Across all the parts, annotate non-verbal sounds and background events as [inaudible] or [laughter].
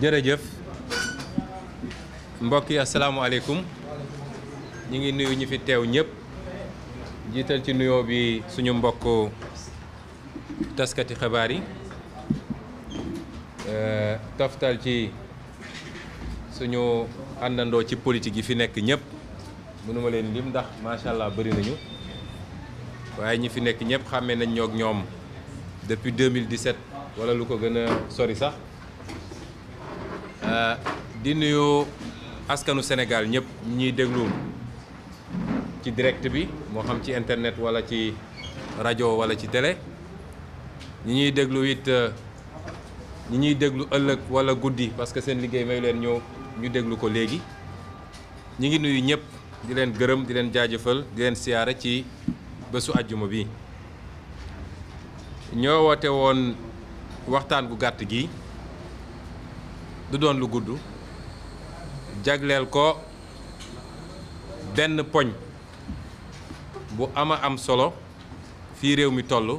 jërëjëf mbokk yi asalaamualeykum ñu ngi nuyu ñi fi teew ñëpp jiital ci nuyoo bi suñu mbokk taskati xibaar yi euh, toftal ci suñu àndandoo ci politique yi fi nekk ñëpp mënuma leen lim ndax macha allah bari nañu waaye ñi fi nekk ñëpp xàmmee nañ ñoog ñoom depuis 2017 wala lu ko gën a sori sax. Euh, di nuyu askanu Sénégal ñëpp ñuy déglu ci direct bi moo xam ci internet wala ci rajo wala ci télé ñi ñuy déglu it euh, ñi ñuy déglu ëllëg wala guddi parce que seen liggéey mayu leen ñëw ñu déglu ko léegi ñi ngi nuyu ñëpp di leen gërëm di leen jaajëfal di leen siyaare ci bésu àjjuma bi ñoo woote woon waxtaan gu gàtt gi du doon lu gudd jagleel ko benn poñ bu am a am solo fii réew mi toll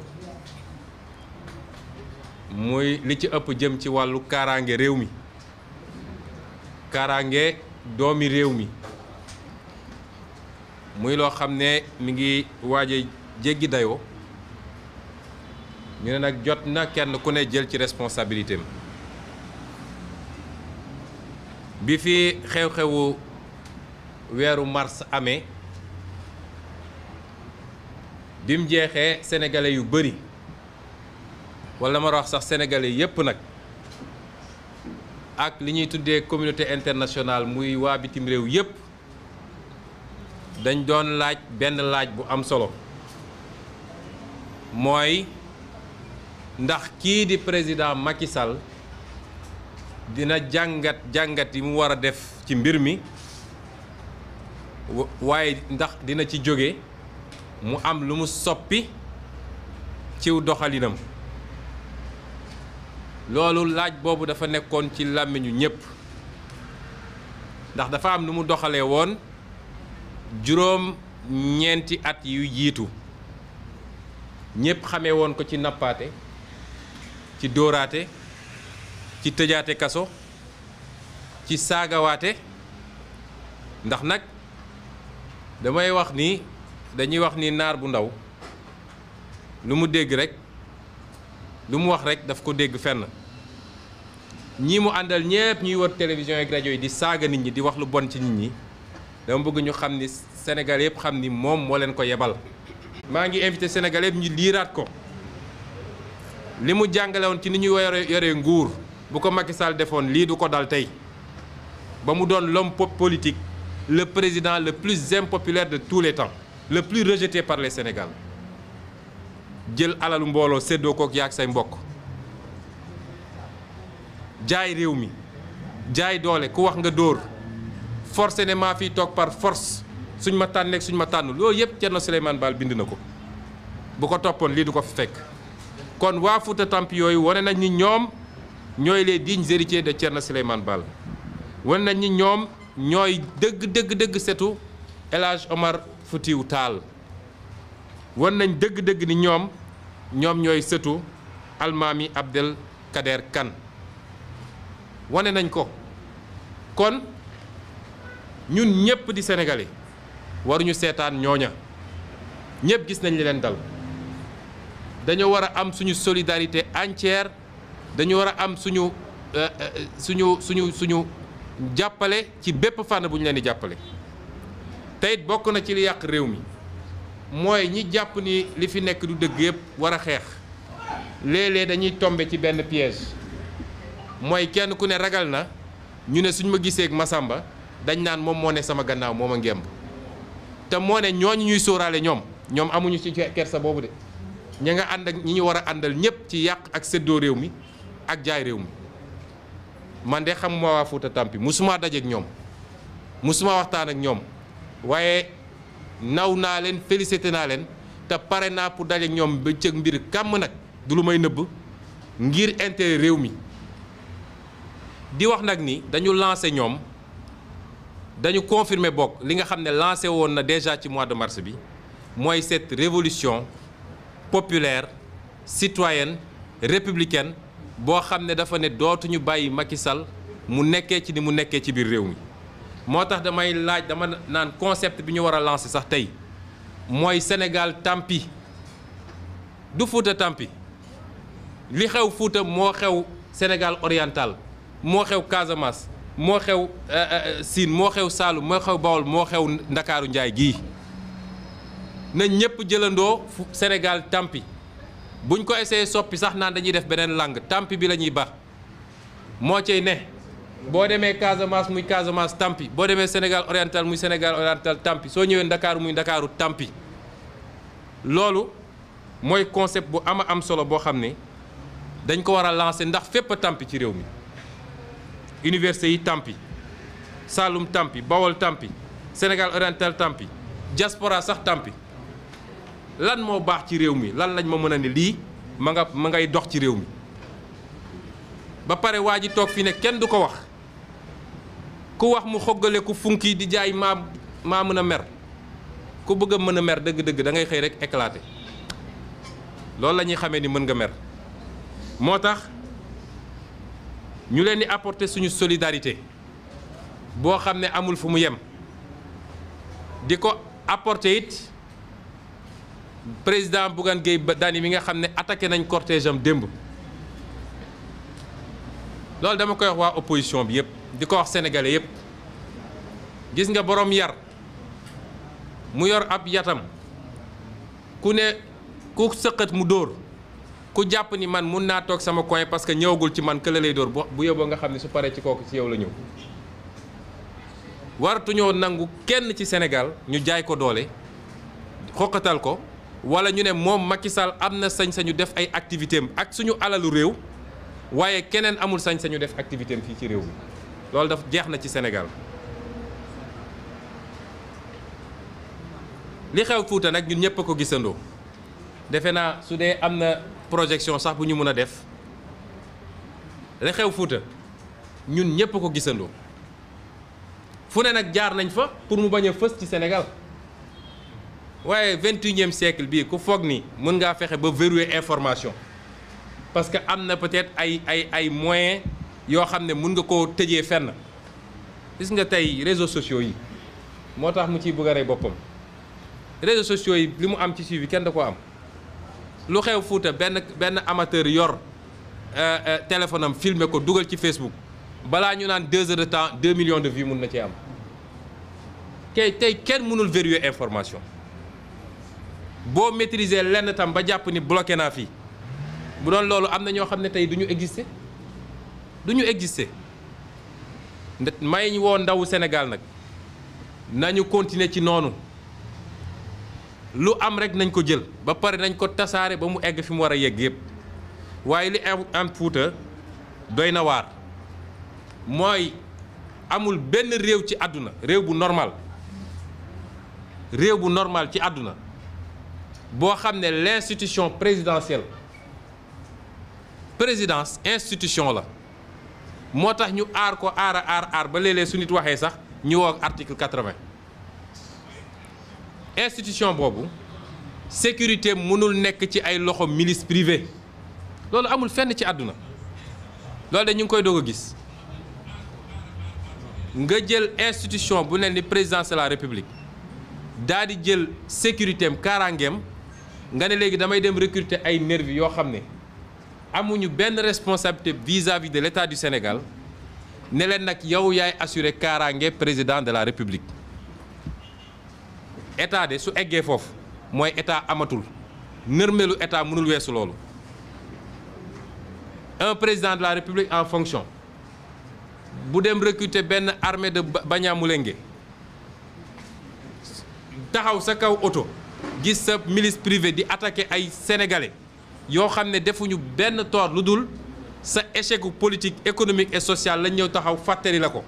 muy li ci ëpp jëm ci wàllu kaaraange réew mi kaaraange doomi réew mi muy loo xam ne mi ngi waaj a jéggi dayoo ñu ne nag jot na kenn ku ne jël ci responsabilité bi fi xew-xewu weeru mars amee bim jeexee sénégalais yu bëri wala ma wax sax sénégalais yépp nag ak li ñuy tuddee communauté internationale muy waa bitim réew yépp dañ doon laaj benn laaj bu am solo mooy ndax kii di président Macky dina jàngat jàngat yi mu war a def ci mbir mi waaye ndax dina ci jóge mu am lu mu soppi ciw doxalinam loolu laaj boobu dafa nekkoon ci làmmiñu ñépp ndax dafa am lu mu doxalee woon juróom ñeenti at yu jiitu ñépp xamee ko ci nappaate ci dóoraate ci tëjaate kaso ci saagawaate ndax nag damay wax ni dañuy wax nii naar bu ndaw lu mu dégg rek lu mu wax rek daf ko dégg fenn ñii mu àndal ñépp ñuy wër télévision ak rajo yi di saaga nit ñi di wax lu bon ci nit ñi dama bëgg ñu xam ni Sénégal yëpp xam ni moom moo leen ko yebal maa ngi invité Sénégal yëpp ñu liiraat ko li mu jàngale woon ci ni ñu yore yore nguur bu ko Macky Sall defoon lii du ko dal tey ba mu doon l'homme politique le président le plus impopulaire de tous les temps le plus rejeté par les Sénégalais jël alalu mbooloo séddoo kook yaag say mbokk jaay réew mi jaay doole ku wax nga dóor forcé ne maa fiy toog par force suñ ma tànneeg suñ ma tànn loolu yëpp Thierno Souleymane Baal bind na ko bu ko toppoon lii du ko fi fekk kon waa Fouta Tampi yooyu wane nañ ni ñoom ñooy les dignes héritiers de Thierno Souleymane Baal wan nañ ni ñoom ñooy dëgg dëgg dëgg setu El Hadj Omar Foutiou Tall wan nañ dëgg dëgg ni ñoom ñoom ñooy setu almaami Abdel Kader kan wane nañ ko kon ñun ñëpp di sénégalais waruñu seetaan ñooña ñëpp gis nañ li leen dal dañoo war a am suñu solidarité entière dañu war a am suñu euh, euh, suñu suñu suñu jàppale ci bépp fànn bu ñu leen di jàppale tey bokk na ci li yàq réew mi mooy ñi jàpp ni li fi nekk du dëgg yëpp war a xeex léeg-léeg dañuy tombe ci benn piège mooy kenn ku ne ragal na ñu ne suñ ma gisee ak Masamba dañ naan moom moo ne sama gannaaw moom a ngemb te moo ne ñooñu ñuy sóoraale ñoom ñoom amuñu ci kersa boobu de ña nga ànd ak ñi ñu war a àndal ñëpp ci yàq ak séddoo réew mi ak jaay réew mi man de xamuma waa Fuuta Tampi musuma dajeek ñoom musuma waxtaan ak ñoom waaye naw naa leen félicité naa leen te pare naa pour dajeek ñoom ba cëg mbir kàmm nag du lu may nëbb ngir intérêt réew mi di wax nag ni dañu lancé ñoom dañu confirmer bokk li nga xam ne lancé woon na déjà ci mois de mars bi mooy cette révolution populaire citoyenne républicaine boo xam ne dafa ne dootuñu bàyyi Macky Sall mu nekkee ci ni mu nekkee ci biir réew mi moo tax damay laaj dama naan concept bi ñu war a lancer sax tey mooy senegal tampi du Fuuta tampi li xew Fuuta moo xew senegal oriental moo xew Casamance moo xew euh, euh, Sine moo xew Saalum moo xew Bawol moo xew Ndakaaru Njaay gii na ñépp jëlandoo senegal tampi buñ ko essayé soppi sax naan dañuy def beneen langue tampi bi la ñuy baax moo cay ne boo demee Casamance muy Casamance tampi boo demee Sénégal oriental muy Sénégal oriental tampi soo ñëwee Ndakaaru muy Ndakaaru tampi loolu mooy concept bu ama am solo boo xam ne dañ ko war a lancer ndax fépp a tampi ci réew mi université yi tampi Saloum tampi Bawol tampi Sénégal oriental tampi diaspora sax tampi lan moo baax ci réew mi lan lañ ma mën a ni lii ma nga ma ngay dox ci réew mi ba pare waa ji toog fi ne kenn du ko wax ku wax mu xoggale ku funki di jaay maa maa mën a mer ku bëgg a mën a mer dëgg-dëgg da ngay xëy rek éclater loolu la ñuy xamee ni mën nga mer moo tax ñu leen di apporter suñu solidarité boo xam ne amul fu mu yem di ko apporter it président Bougane ba Dany mi nga xam ne attaqué nañ cortège am démb loolu dama koy wax waa opposition bi yëpp di ko wax sénégalais yëpp gis nga boroom yar mu yor ab yatam ku ne ku sëqat mu dóor ku jàpp ni man mun naa toog sama coin parce que ñëwagul ci man kële lay dóor bu yóbboo nga xam ne su paree ci kooku ci yow la ñëw waratuñoo nangu kenn ci senegal ñu jaay ko doole xoqatal ko wala ñu ne moom Macky Sall am na sañ-sañu def ay activité am ak suñu alalu réew waaye keneen amul sañ-sañu def activité fii ci réew loolu daf jeex na ci senegal li xew Fuuta nag ñun ñëpp ko gisandoo defe naa su dee am na projection sax bu ñu mën a def li xew Fuuta ñun ñëpp ko gisandoo fu ne nag jaar nañ fa pour mu bañ a fës ci senegal waaye vingt unième siècle bii ku foog ni mën ngaa fexe ba verrouiller information parce que am na peut-être ay ay ay moyens yoo xam ne mun nga koo tëjee fenn gis nga tey réseau sociaux yi moo tax mu ciy bëgg a rey boppam réseaux sociaux yi li mu am ci suivi kenn da ko am lu xew Fuuta benn benn amateur yor euh, euh, téléphone am filmer ko dugal ci Facebook balaa ñu naan deux heures de temps deux millions de vues mun na ci am kay tey kenn mënul verrouiller information boo maîtriser lenn tam ba jàpp ni bloqué naa fii bu doon loolu am na ñoo xam ne tey du ñu exister du ñu exister may woo ndawu Sénégal nag nañu continuer ci noonu lu am rek nañ ko jël ba pare nañ ko tasaare ba mu egg fi mu war a yegg yëpp waaye li am Fuuta doy na waar mooy amul benn réew ci àdduna réew bu normal réew bu normal ci àdduna boo xam ne l'institution présidentielle présidence institution la moo tax ñu aar ko aar aar aar ba léeg-léeg su nit waxee sax ñu woo article quatre-vingt institution boobu sécurité mënul nekk ci ay loxo milice privée loolu amul fenn ci àdduna loolu de ñu ngi koy doog a gis nga jël institution bu ne ni présidence de la république daal di jël sécurité am kaaraangeem nga ne léegi damay dem recruter ay nervi yoo xam ne amuñu benn responsabilité vis-à-vis de l'État du Sénégal ne leen nag yow yaay assurer kaaraange président de la République état de su eggee foofu mooy état amatul nërmelu état mënul weesu loolu un président de la République en fonction bu dem recruter benn armée de Banyamulenge taxaw sa kaw oto gis sa milice privée di attaqué ay sénégalais yoo xam ne defuñu benn tort lu dul sa échec politique économique et social lañ ñëw taxaw fàttali la ko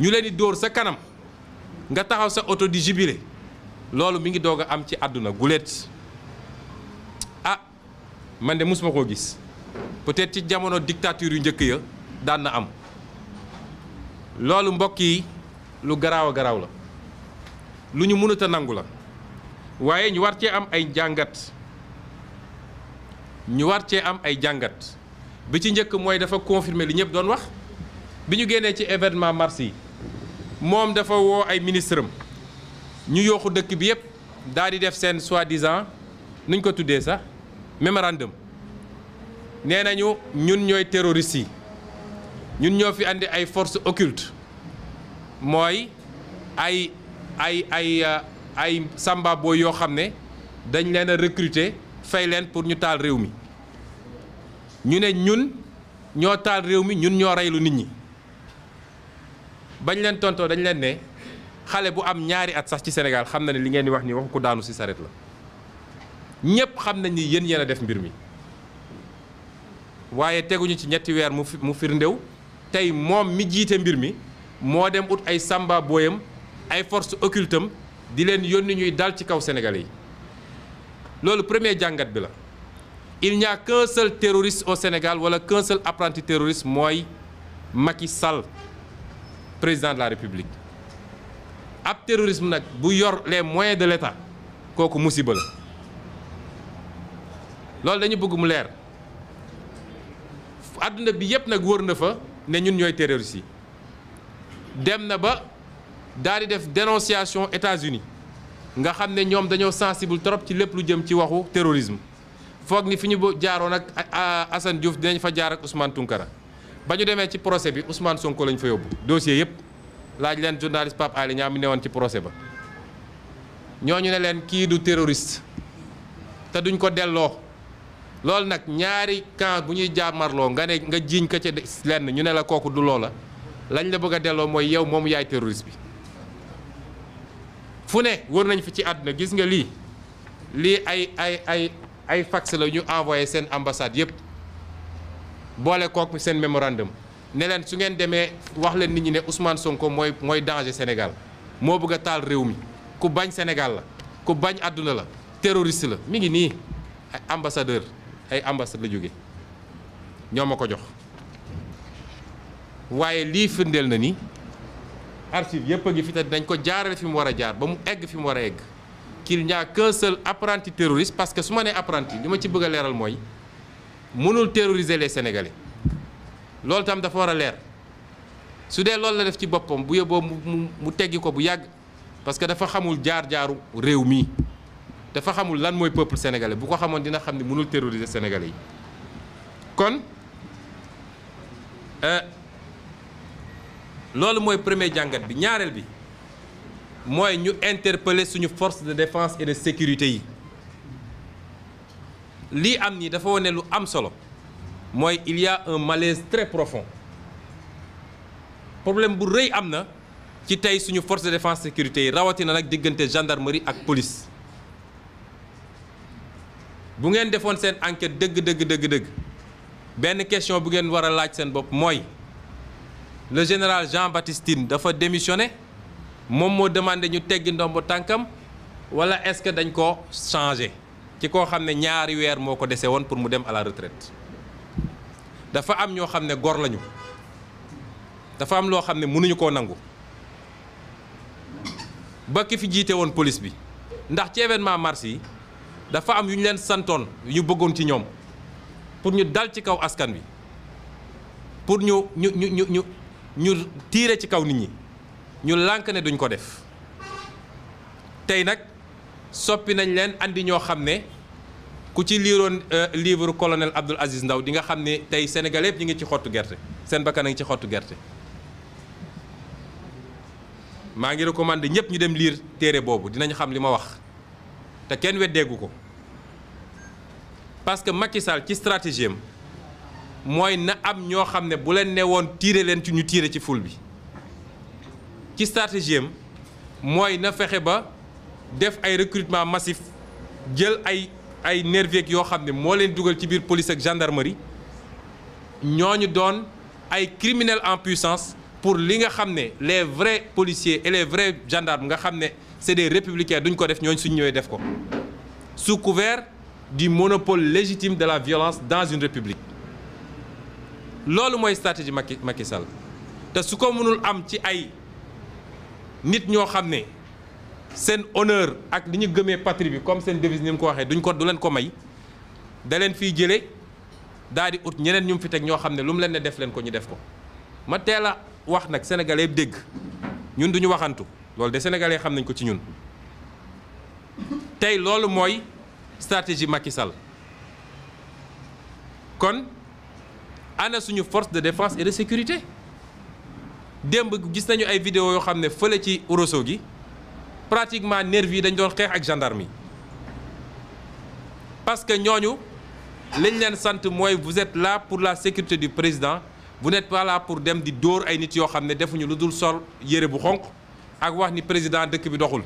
ñu leen di dóor sa kanam nga taxaw sa auto di jubilé loolu mi ngi doog a am ci àdduna guléet ah man de mosuma koo gis peut-être ci jamono dictature yu njëkk ya daan na am loolu mbokk yi lu garaaw a garaaw la lu ñu mënut a nangu la waaye ñu war cee am ay jàngat ñu war cee am ay jàngat bi ci njëkk mooy dafa confirmer li ñëpp doon wax bi ñu génnee ci événement mars yi moom dafa woo ay ministre am ñu yooxu dëkk bi yëpp daal di def seen soi-disant nuñ ko tuddee sax mémorandum nee nañu ñun ñooy terroristes yi ñun ñoo fi andi ay forces occultes mooy ay ay ay euh, ay samba yoo xam ne dañ leen a recruter fay leen pour ñu taal réew mi ñu ne ñun ñoo taal réew mi ñun ñoo reylu nit ñi bañ leen tontoo dañ leen ne xale bu am ñaari at sax ci Sénégal xam na ne li ngeen di wax nii waxu ko daanu si saret la ñëpp xam nañ ni yéen yéen a def mbir mi waaye teguñu ci ñetti weer mu mu firndéw tey moom mi jiite mbir mi moo dem ut ay samba booyam ay force occultam di leen yónni ñuy dal ci kaw Sénégalais yi loolu premier jàngat bi la il n'y a qu'un seul Sénégal wala qu'un seul apprenti terroriste mooy Macky sal président de la République ab terrorisme nag bu yor les moyens de l'État kooku musiba la loolu dañu bëgg mu leer àdduna bi yépp nag wër na fa ne ñun ñooy terroristes yi dem na ba daal di def dénonciation États-Unis nga xam ne ñoom dañoo sensible trop ci lépp lu jëm ci waxu terrorisme foog ni fi ñu jaaroon ak Assane Diouf dinañ fa jaar ak Ousmane Tounkara ba ñu demee ci procès bi Ousmane Sonko lañ fa yóbbu dossier yëpp laaj leen journaliste Pape Alé Niang ne woon ci procès ba ñoo ñu ne leen kii du terroriste te duñ ko delloo loolu nag ñaari kan bu ñuy jaar jaamarloo nga ne nga jiiñ ko ca lenn ñu ne la kooku du loola lañ la bëgg a delloo mooy yow moom yaay terroriste bi fu ne wër nañ fi ci àdduna gis nga lii lii ay ay ay ay fax la ñu envoyé seen ambassade yëpp boole kook seen mémorandum ne leen su ngeen demee wax leen nit ñi ne Ousmane Sonko mooy mooy danger senegal moo bëgg a taal réew mi ku bañ senegal la ku bañ àdduna la terroriste la mi ngi nii ay ambassadeur ay ambassade la jóge ñoo ma ko jox waaye lii firndeel na ni. archive yëpp a ngi fi te dañ ko jaarale fi mu war a jaar ba mu egg fi mu war a egg qu'il n'y a qu'un seul apprenti terroriste parce que su ma nee apprenti li ma ci bëgg a leeral mooy mënul terroriser les sénégalais loolu tam dafa war a leer su dee loolu la def ci boppam bu yóbboo mu mu teggi ko bu yàgg parce que dafa xamul jaar-jaaru réew mi dafa xamul lan mooy peuple sénégalais bu ko xamoon dina xam ni mënul terroriser sénégalais yi kon. Euh, loolu mooy premier jàngat bi ñaareel bi mooy ñu interpeller suñu force de défense et de sécurité yi lii am nii dafa wane lu am solo mooy il y un malaise très profond problème bu rëy am na ci tey suñu force de défense sécurité yi rawatina nag diggante gendarmerie ak police bu ngeen defoon seen enquête dëgg dëgg dëgg dëgg benn question bu ngeen war a laaj seen bopp mooy le général jean batistine dafa démissionné moom moo demandé ñu teggi ndombo tànkam wala est-ce que dañ ko changé ci koo xam ne ñaari weer moo ko dese woon pour mu dem à la dafa am ñoo xam ne gor lañu dafa am loo xam ne mënuñu koo nangu ba ki fi jiite woon police bi ndax ci événement mars yi dafa am yu ñu leen santoon yu ñu bëggoon ci ñoom pour ñu dal ci kaw askan wi pour ñu ñu ñu. ñu tiire ci kaw nit ñi ñu lànk ne duñ ko def tey nag soppi nañ leen indi ñoo xam ne ku ci liiroon euh, livre colonel Abdoul Aziz Ndaw di nga xam ne tey Sénégal yëpp ñu ngi ci xottu gerte seen bakkan a ngi ci xottu gerte maa ngi recommandé ñëpp ñu dem liir téere boobu dinañ xam li ma wax te kenn weddeegu ko parce que Macky ci stratégie mooy na am ñoo xam ne bu leen ne woon tiire leen ci ñu tiire ci ful bi ci stratégie mooy na fexe ba def ay recrutement massif jël ay ay nervier yoo xam ne moo leen dugal ci biir police ak ñoo ñu doon ay criminels en puissance pour li nga xam ne les vrais policiers et les vrais gendarmes nga xam ne c'est des républicains duñ ko def ñooñu suñ ñëwee def ko sous couvert du monopole légitime de la violence dans une république loolu mooy stratégie Macky Macky te su ko mënul am ci ay nit ñoo xam ne seen honneur ak li ñu gëmee patrie bi comme seen devise ni mu ko waxee duñ ko du leen ko may da leen fiy jëlee daal di ut ñeneen ñu fi teg ñoo xam ne lu mu leen ne def leen ko ñu def ko ma teel a wax nag sénégalais dégg ñun du duñu waxantu loolu de sénégalais xam nañ ko ci ñun tey loolu mooy stratégie Macky Sall ana suñu force de défense et de sécurité démb gis nañu ay vidéo yoo xam ne fële ci Ourossogui gi pratiquement nervi yi dañ doon xeex ak gendarme yi parce que ñooñu lañ leen sant mooy vous êtes là pour la sécurité du président bu n'êtes pas là pour dem di dóor ay nit yoo xam ne defuñu lu dul sol yére bu xonq ak wax ni président dëkk bi doxul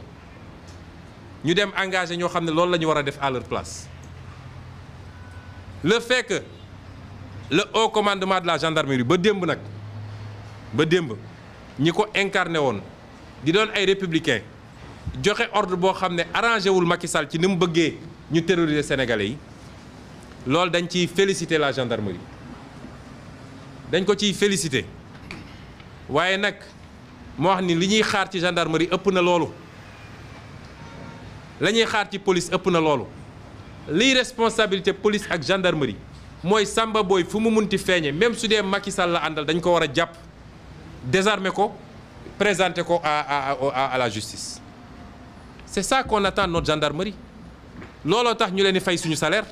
ñu dem engagé ñoo xam ne loolu lañu ñu war a def à leur place le haut commandement de la gendarmerie ba démb nag ba démb ñi ko incarné woon di doon ay républicain joxe ordre boo xam ne arrangé wul Macky Sall ci ni mu bëggee ñu terroriser sénégalais yi loolu dañ ciy félicité la gendarmerie dañ ko ciy félicité waaye nag moo wax ni li ñuy xaar ci gendarmerie ëpp na loolu la xaar ci police ëpp na loolu liy responsabilité police ak gendarmerie mooy Samba booy fu mu munti feeñe même su dee Macky Sall la àndal dañ ko war a jàpp désarmer ko présenter ko à à à la justice c'est ça qu'on attend notre gendarmerie looloo tax ñu leen di fay suñu salaire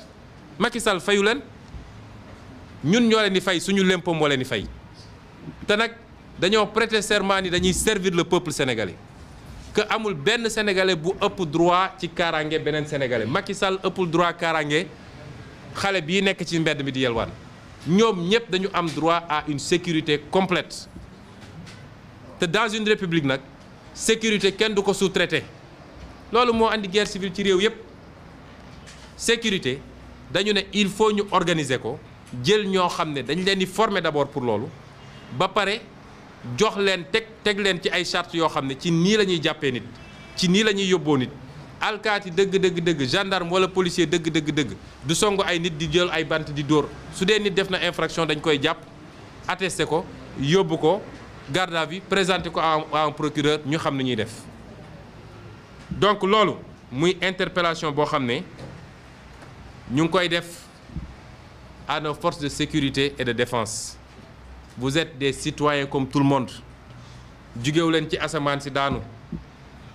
Macky Sall fayu leen ñun ñoo leen di fay suñu lempo moo leen di fay te nag dañoo prêter serment ni dañuy servir le peuple sénégalais que amul benn sénégalais bu ëpp droit ci kaaraange beneen sénégalais Macky Sall ëppul droit kaaraange. xale bii nekk ci mbedd mi di yelwaan ñoom ñëpp dañu am droit à une sécurité complete te dans une république nag sécurité kenn du ko sous loolu moo indi guerre civile ci réew yëpp sécurité dañu ne il faut ñu organiser ko jël ñoo xam ne dañ leen di former d'abord pour loolu ba pare jox leen teg teg leen ci ay chartes yoo xam ne ci nii la ñuy jàppee nit ci nii la ñuy yóbboo nit alkaati dëgg dëgg dëgg gendarme wala policier dëgg dëgg dëgg du song ay nit di jël ay bant di dóor su dee nit def na infraction dañ koy jàpp attesté ko yóbbu ko garde à vue présenté ko à un procureur ñu xam ni ñuy def donc loolu muy interpellation boo xam ne ñu ngi koy def à nos forces de sécurité et de défense vous êtes des citoyens comme tout le monde jugewu leen ci asamaan si daanu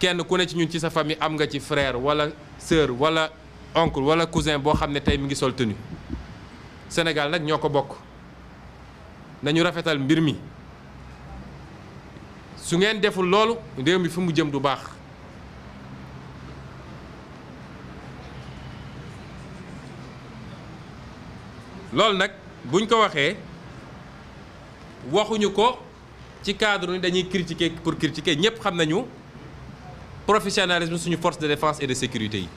kenn ku ne ci ñun ci sa famille am nga ci frère wala sœur wala oncle wala cousin boo xam ne tey mi ngi sol tenue Sénégal nag ñoo ko bokk nañu rafetal mbir mi su ngeen deful loolu réew mi fi mu jëm du baax loolu nag buñ ko waxee waxuñu ko ci cadre ni dañuy critiquer pour critiquer ñëpp xam nañu professionnalisme suñu force de défense et de sécurité yi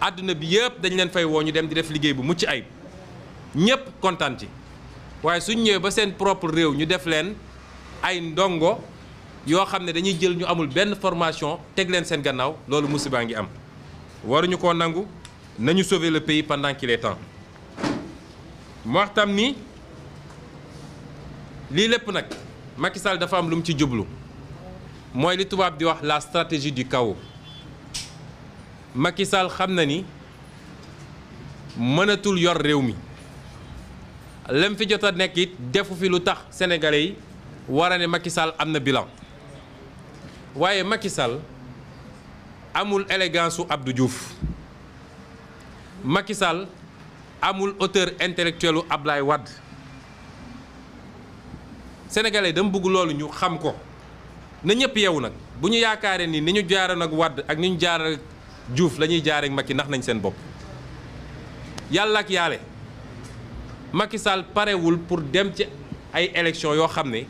àdduna bi yëpp dañ leen fay woo ñu dem di def liggéey bu mucc ayib ñëpp kontaan ci waaye suñ ñëwee ba seen propre réew ñu def leen ay ndongo yoo xam ne dañuy jël ñu amul benn formation teg leen seen gannaaw loolu musiba ngi am waruñu ko nangu nañu sauver le pays pendant qu'il est temps mu wax ni lii lépp nag Macky Sall dafa am lu mu ci jublu mooy li tubaab di wax la stratégie du kaw makisal xam na ni mënatul yor réew mi lem fi jot a nekk it defu fi lu tax sénégalais yi war a ne Macky am na bilan waaye Macky amul élégance su Abdou juuf makisal Sall amul auteur intellectuel u Ablaye Wade sénégalais dama bëgg loolu ñu xam ko. na ñëpp yeewu nag bu ñu yaakaaree ni ni ñu jaaroon ak Wade ak ni ñu jaar ak Diouf la ñuy jaaree ak Macky nax nañ seen bopp yàlla ak yaale Macky Sall parewul pour dem ci ay élections yoo xam ne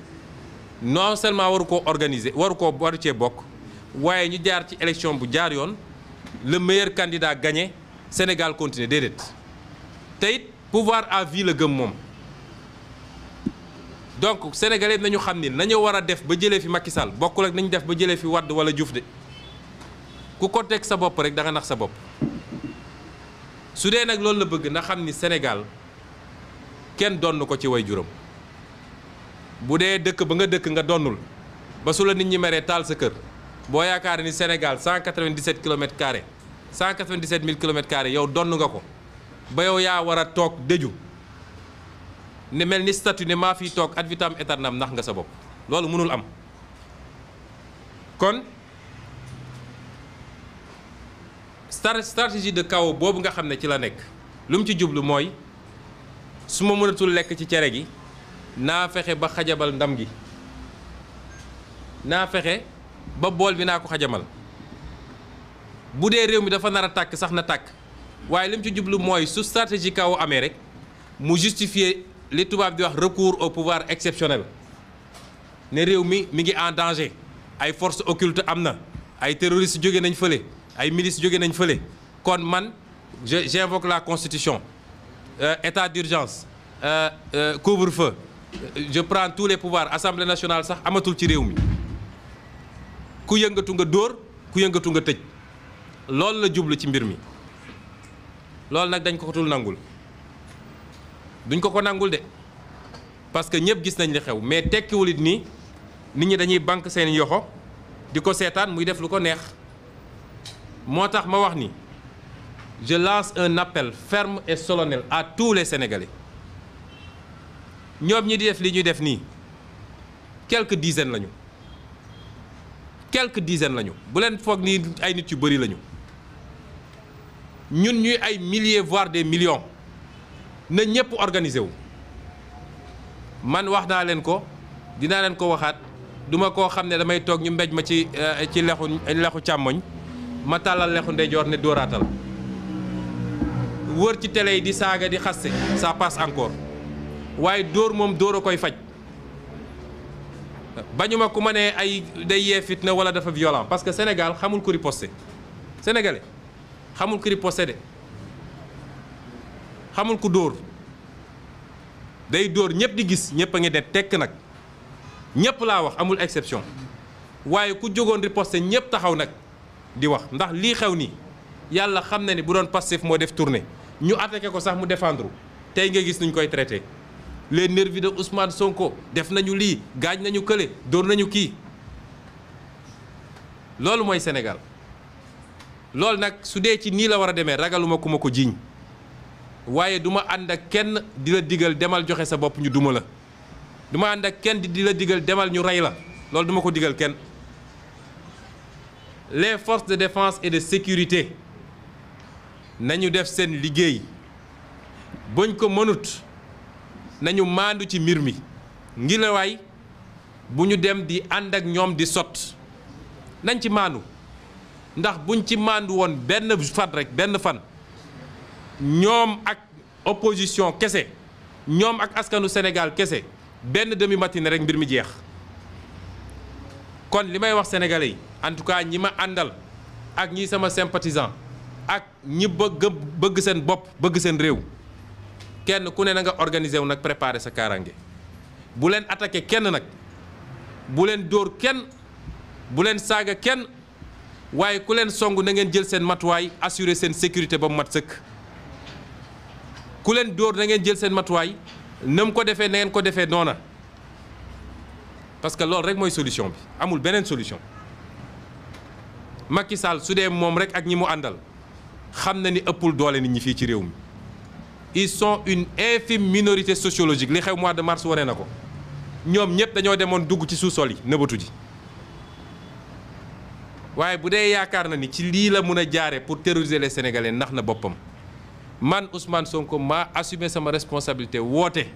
non seulement waru ko organiser waru koo waru cee bokk waaye ñu jaar ci élection bu jaar yoon le meilleur candidat gagné Sénégal continuer déedéet te it pouvoir à vie la gëm moom. donc sénégalais nañu xam ni nañu war a def ba jëlee fi Macky Sall bokkul ak nañu def ba jëlee fi Wade wala Diouf de ku ko teg sa bopp rek da nax sa bopp su dee nag loolu la bëgg na xam ni Sénégal kenn donn ko ci woy juróom bu dee dëkk ba nga dëkk nga donnul ba su la nit ñi meree taal sa kër boo yaakaar ni Sénégal 197 kilomètres carrés 197 mille kilomètres carrés yow donn nga ko ba yow yaa war a toog dëju ne mel ni statut ne maa fiy toog ad vitam aeternam ndax nga sa bopp loolu mënul am kon star stratégie de chaos boobu nga xam ne ci la nekk lu mu ci jublu mooy su ma mënatul lekk ci cere gi naa fexe ba xajabal ndam gi naa fexe ba bool bi naa ko xajamal bu dee réew mi dafa nar a tàkk sax na tàkk waaye li ci jublu mooy su stratégie kaw amee rek mu justifier li tubaab di wax recours au pouvoir exceptionnel ne réew mi mi ngi en danger ay force occultes am na ay terroristes jóge nañ fële ay milices jóge nañ fële kon man je j'invoque la constitution euh, état d'urgence euh, euh, couvre-feu je prends tous les pouvoirs assemblée nationale sax amatul ci réew mi ku yëngatu nga dóor ku yëngatu nga tëj loolu la jublu ci mbir mi loolu nag dañ ko tul nangul duñ ko ko nangul de parce que ñëpp gis nañ li xew mais tekkiwul it nii nit ñi dañuy banque seen yoxo di ko seetaan muy def lu ko neex moo tax ma wax ni je lance un appel ferme et solennel à tous les Sénégalais ñoom ñi di def li ñuy def nii quelques dizaines lañu quelques dizaines lañu bu leen foog nii ay nit yu bëri lañu ñun ñuy ay milliers voire des millions. na ñëpp organiser wu man wax naa leen ko dinaa leen ko waxaat duma koo xam ne damay toog ñu mbéj ma ci eh, ci lexu lexu càmmoñ ma tàllal lexu ndeyjoor ne dóoraatal wër ci tele yi di saaga di xaste ça passe encore waaye dóor moom dóor a koy faj bañu ma ku ma ne ay day yee na wala dafa violent parce que Sénégal xamul ku riposte sénégalais xamul ku riposte de xamul ku dóor day dóor ñëpp di gis ñëpp a ngi de tekk nag ñëpp laa wax amul exception waaye ku jógoon riposte ñëpp taxaw nag di wax ndax lii xew nii yàlla xam na ni bu doon Pastef moo def tournée ñu attaqué ko sax mu défendre tey nga gis nuñ koy traité les nervis de Ousmane Sonko def nañu lii gaañ nañu kële dóor nañu kii loolu mooy senegal loolu nag su dee ci nii la war a demee ragaluma ku ma ko jiiñ waaye duma ànd ak kenn di la digal demal joxe sa bopp ñu duma la du ànd ak kenn di la digal demal ñu rey la loolu duma ko digal kenn les forces de défense et de sécurité nañu def seen liggéey buñ ko mënut nañu maandu ci mbir mi ngi la waay bu ñu dem di ànd ak ñoom di sot nañ ci maandu ndax buñ ci maandu woon benn fan rek benn fan ñoom ak opposition kese ñoom ak askanu Sénégal kese benn demi matin rek mbir mi jeex kon li may wax sénégalais yi en tout cas ñi ma àndal ak ñi sama sympathisant ak ñi bëgg seen bopp bëgg seen réew kenn ku ne na nga organiser wu nag préparer sa kaaraange bu leen attaqué kenn nag bu leen dóor kenn bu leen saaga kenn waaye ku leen song na ngeen jël seen matuwaay assurer seen sécurité ba mu mat sëkk. ku leen dóor na ngeen jël seen matuwaay na mu ko defee nangeen ko defee noona parce que loolu rek mooy solution bi amul beneen solution Macky Sall su dee moom rek ak ñi mu àndal xam na ni ëppul doole nit ñi fii ci réew mi ils sont une infime minorité sociologique li xew mois de mars waree na ko ñoom ñëpp dañoo demoon dugg ci sous-sol yi nëbatu ji waaye bu dee yaakaar na ni ci lii la mun a jaare pour terroriser les Sénégalais ndax na boppam man Ousmane Sonko maa assumé sama responsabilité woote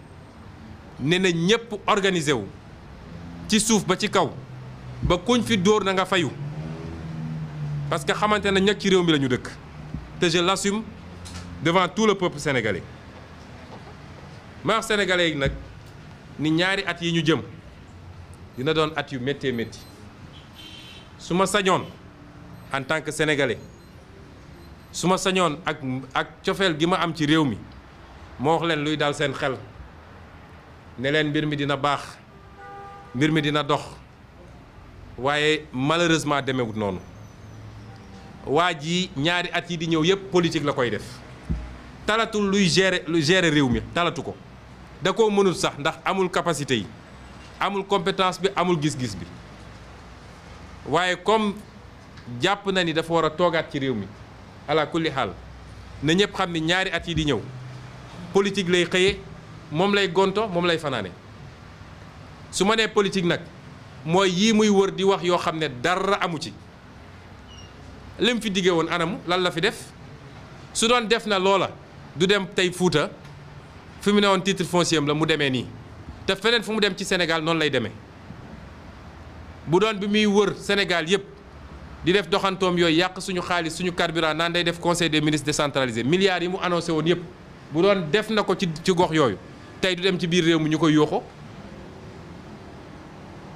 ne na ñëpp organiser wu ci suuf ba ci kaw ba kuñ fi dóor na nga fayu parce que xamante na ñag ci réew mi la ñu dëkk te je l'assume devant tout le peuple sénégalais ma wax sénégalais yi nag ni ñaari at yi ñu jëm dina doon at yu méttee métti su ma sañoon en tant que sénégalais. su ma sañoon ak ak cofeel gi ma am ci réew mi moo wax leen luy daal seen xel ne leen mbir mi dina baax mbir mi dina dox waaye malheureusement demewut noonu waa ji ñaari at yi di ñëw yépp politique la koy def talatul luy gérer luy gérer réew mi talatu ko da ko mënul sax ndax amul capacité yi amul compétence bi amul gis-gis bi waaye comme jàpp na ni dafa war a toogaat ci réew mi ala kulli xaal na ñëpp xam ni ñaari at yi di ñëw politique lay xëyee moom lay gonto moom lay fanaane su ma nee politique nag mooy yii muy wër di wax yoo xam ne dara amu ci lim fi diggee woon anam lan la fi def su doon def na loola du dem tey Fuuta fi mu ne woon titre foncier la mu demee nii te feneen fu mu dem ci senegal noonu lay demee bu doon bi muy wër Sénégal yëpp. di def doxantoom yooyu yàq suñu xaalis suñu carburant naan day def conseil des ministres décentralisé milliards yi mu annoncé woon yëpp bu doon def na ko ci ci gox yooyu tey du dem ci biir réew mi ñu koy yooxoo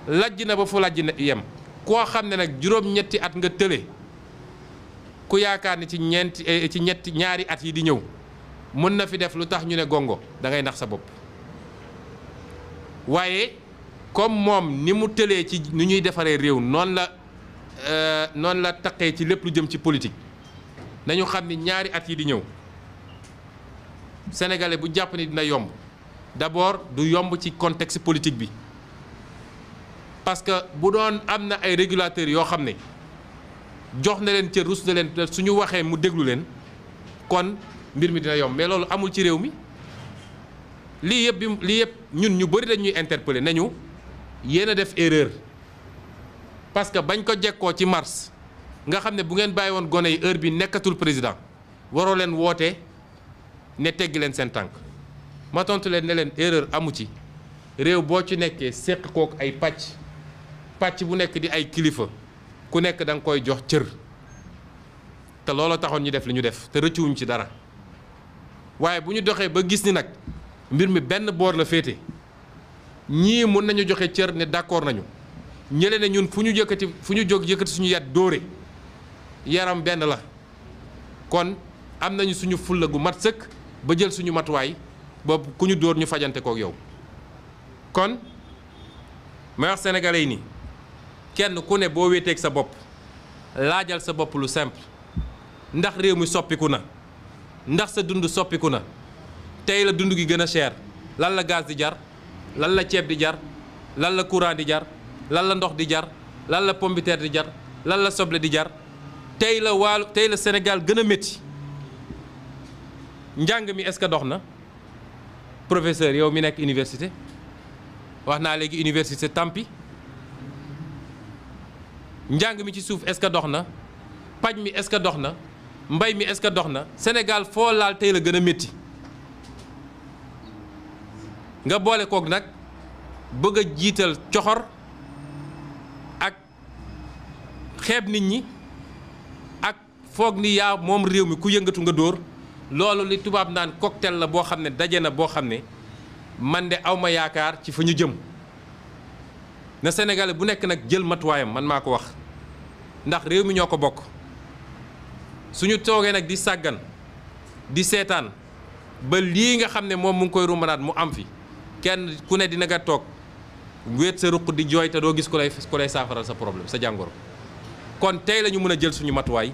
lajj na ba fu lajj na yem koo xam ne nag juróom-ñetti at nga tële ku yaakaar ni ci ñeenti eh, ci ñetti ñaari at yi di ñëw mën na fi def lu tax ñu ne gongo da ngay nax sa bopp waaye comme moom ni mu tëlee ci ni ñuy defaree réew noonu la Euh, noonu la taqee ci lépp lu jëm ci politique nañu xam ni ñaari at yi di ñëw sénégalais bu jàpp ni dina yomb d'abord du yomb ci contexte politique bi parce que bu doon am na ay régulateurs yoo xam ne jox na leen cër rus na leen suñu waxee mu déglu leen kon mbir mi dina yomb mais loolu amul ci réew mi lii yëpp lii yëpp ñun ñu bëri dañuy interpeller nañu yéen a def erreur parce que bañ ko jekkoo ci mars nga xam ne bu ngeen bàyyi woon gone yi heure bi nekkatul président waroo leen woote ne teggi leen seen tànk ma tontu leen ne leen erreur amu ci réew boo ci nekkee séq kook ay pàcc pàcc bu nekk di ay kilifa ku nekk da nga koy jox cër te looloo taxoon ñu def li ñu def te rëccuwuñ ci dara waaye bu ñu doxee ba gis ni nag mbir mi benn boor la féete ñii mun nañu joxe cër ne d'accord nañu ñële ne ñun fu ñu yëkkati fu ñu jóg yëkkati suñu yat dóore yaram benn la kon am nañu suñu fulla gu mat sëkk ba jël suñu matuwaay boobu ku ñu dóor ñu fajante kook yow kon may wax sénégalais yi ni kenn ku ne boo wéeteeg sa bopp laajal sa bopp lu simple ndax réew mi soppiku na ndax sa dund soppiku na tey la dund gi gën a cher lan la gaz di jar lan la ceeb di jar lan la courant di jar lan la ndox di jar lan la pombiteer di jar lan la soble di jar tey la waalu tey la Sénégal gën a métti njàng mi est-ce que dox na professeur yow mi nekk université wax naa léegi université tampi njàng mi ci suuf est-ce que dox na paj mi est-ce que dox na mbay mi est-ce que dox na Sénégal foo laal tey la gën a métti nga boole koog nag bëgg a jiital coxor xeeb nit ñi ak foog ni yaa moom réew mi ku yëngatu nga dóor loolu li tubaab naan cocktail la boo xam ne daje na boo xam ne man de awma yaakaar ci fa ñu jëm na Sénégalais bu nekk nag jël matuwaayam man maa ko wax ndax réew mi ñoo ko bokk suñu toogee nag di sàggan di seetaan ba lii nga xam ne moom mu ngi koy rumbanaat mu am fi kenn ku ne dina nga toog wéet sa ruq di jooy te doo gis ko lay ku lay saafaral sa problème sa jàngoro kon tey la ñu mën a jël suñu matuwaay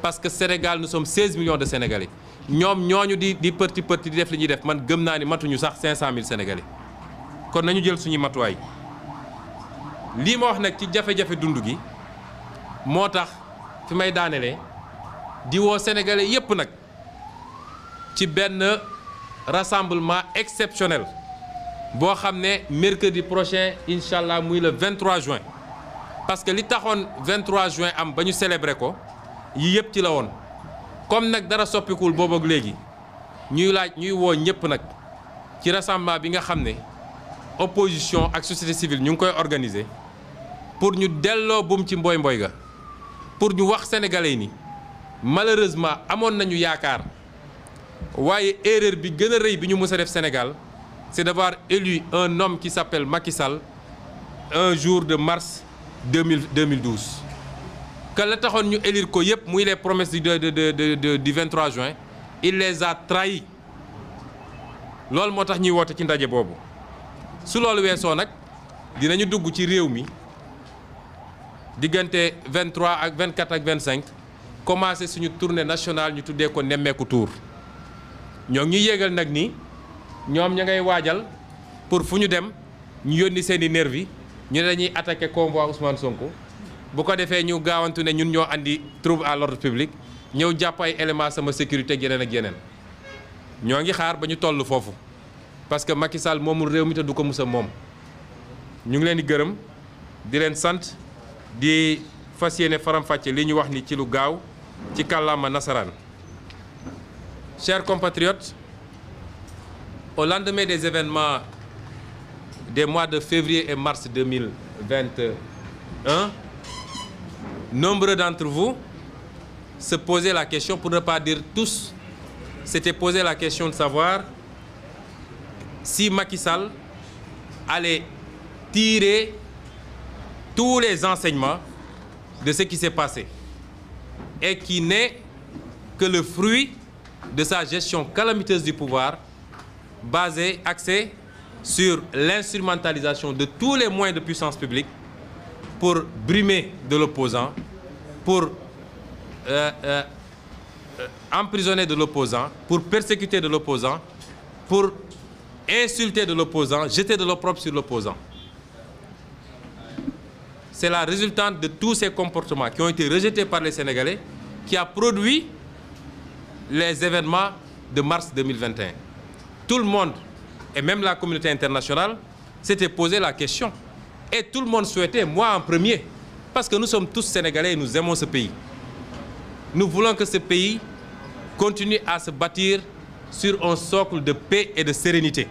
parce que Sénégal nous som 16 millions de Sénégalais ñoom ñooñu di di përti përti di def li ñuy def man gëm naa ni matuñu sax 500000 Sénégalais kon nañu jël suñu matuwaay lii ma wax nag ci jafe-jafe dund gi moo tax fi may daaneele diwoo woo Sénégalais yépp nag ci benn rassemblement exceptionnel boo xam ne mercredi prochain incha allah muy le juin. parce que li taxoon 23 juin am ba ñu célébrer ko yi yëpp ci la woon comme nag dara soppikul boobu léegi ñuy laaj ñuy woo ñëpp nag ci rassemblement bi nga xam ne opposition ak société civile ñu ngi koy organiser pour ñu delloo buum ci mbooy mbooy ga pour ñu wax sénégalais ni malheureusement amoon nañu yaakaar waaye erreur bi gën a rëy bi ñu mës def Sénégal c'est d'avoir élu un homme qui s'appelle Macky Sall un jour de mars 2012 que la taxoon ñu élire ko yëpp muy les promesses du de de de du 23 juin il les a trahis loolu moo tax ñuy woote ci ndaje boobu su loolu weesoo nag dinañu dugg ci réew mi diggante 23 ak 24 ak 25 commencé suñu tournée nationale ñu tuddee ko nemmeeku tour ñoo ngi ñuy yéegal nag ni ñoom ña ngay waajal pour fu ñu dem ñu yónni seen i nervi ñu ne dañuy attaqué convoi Ousmane Sonko bu ko defee ñu gaawantu ne ñun ñoo indi trouble à l'ordre public ñëw jàpp ay élément sama sécurité ak ak yeneen ñoo ngi xaar ba ñu toll foofu parce que Macky Sall moomul réew mi te du ko musa moom ñu ngi leen di gërëm di leen sant di fas yéene faram-fàcce li ñu wax ni ci lu gaaw ci kàllaama nasaraan cher compatriotes au lendemain des événements des mois de février et mars 2021, nombreux d'entre vous se posaient la question, pour ne pas dire tous, s'étaient posé la question de savoir si Macky Sall allait tirer les enseignements de ce qui s'est passé et qui n'est que le de sa gestion calamiteuse du pouvoir sur l'instrumentalisation de tous les moyens de puissance publique pour brimer de l'opposant, pour euh, euh, euh, emprisonner de l'opposant, pour persécuter de l'opposant, pour insulter de l'opposant, jeter de l'opprobre sur l'opposant. C'est la résultant de tous ces comportements qui ont été rejetés par les Sénégalais qui a produit les événements de mars 2021. Tout le monde et même la communauté internationale s'était posé la question. Et tout le monde souhaitait, moi en premier, parce que nous sommes tous Sénégalais et nous aimons ce pays. Nous voulons que ce pays continue à se bâtir sur un socle de paix et de sérénité.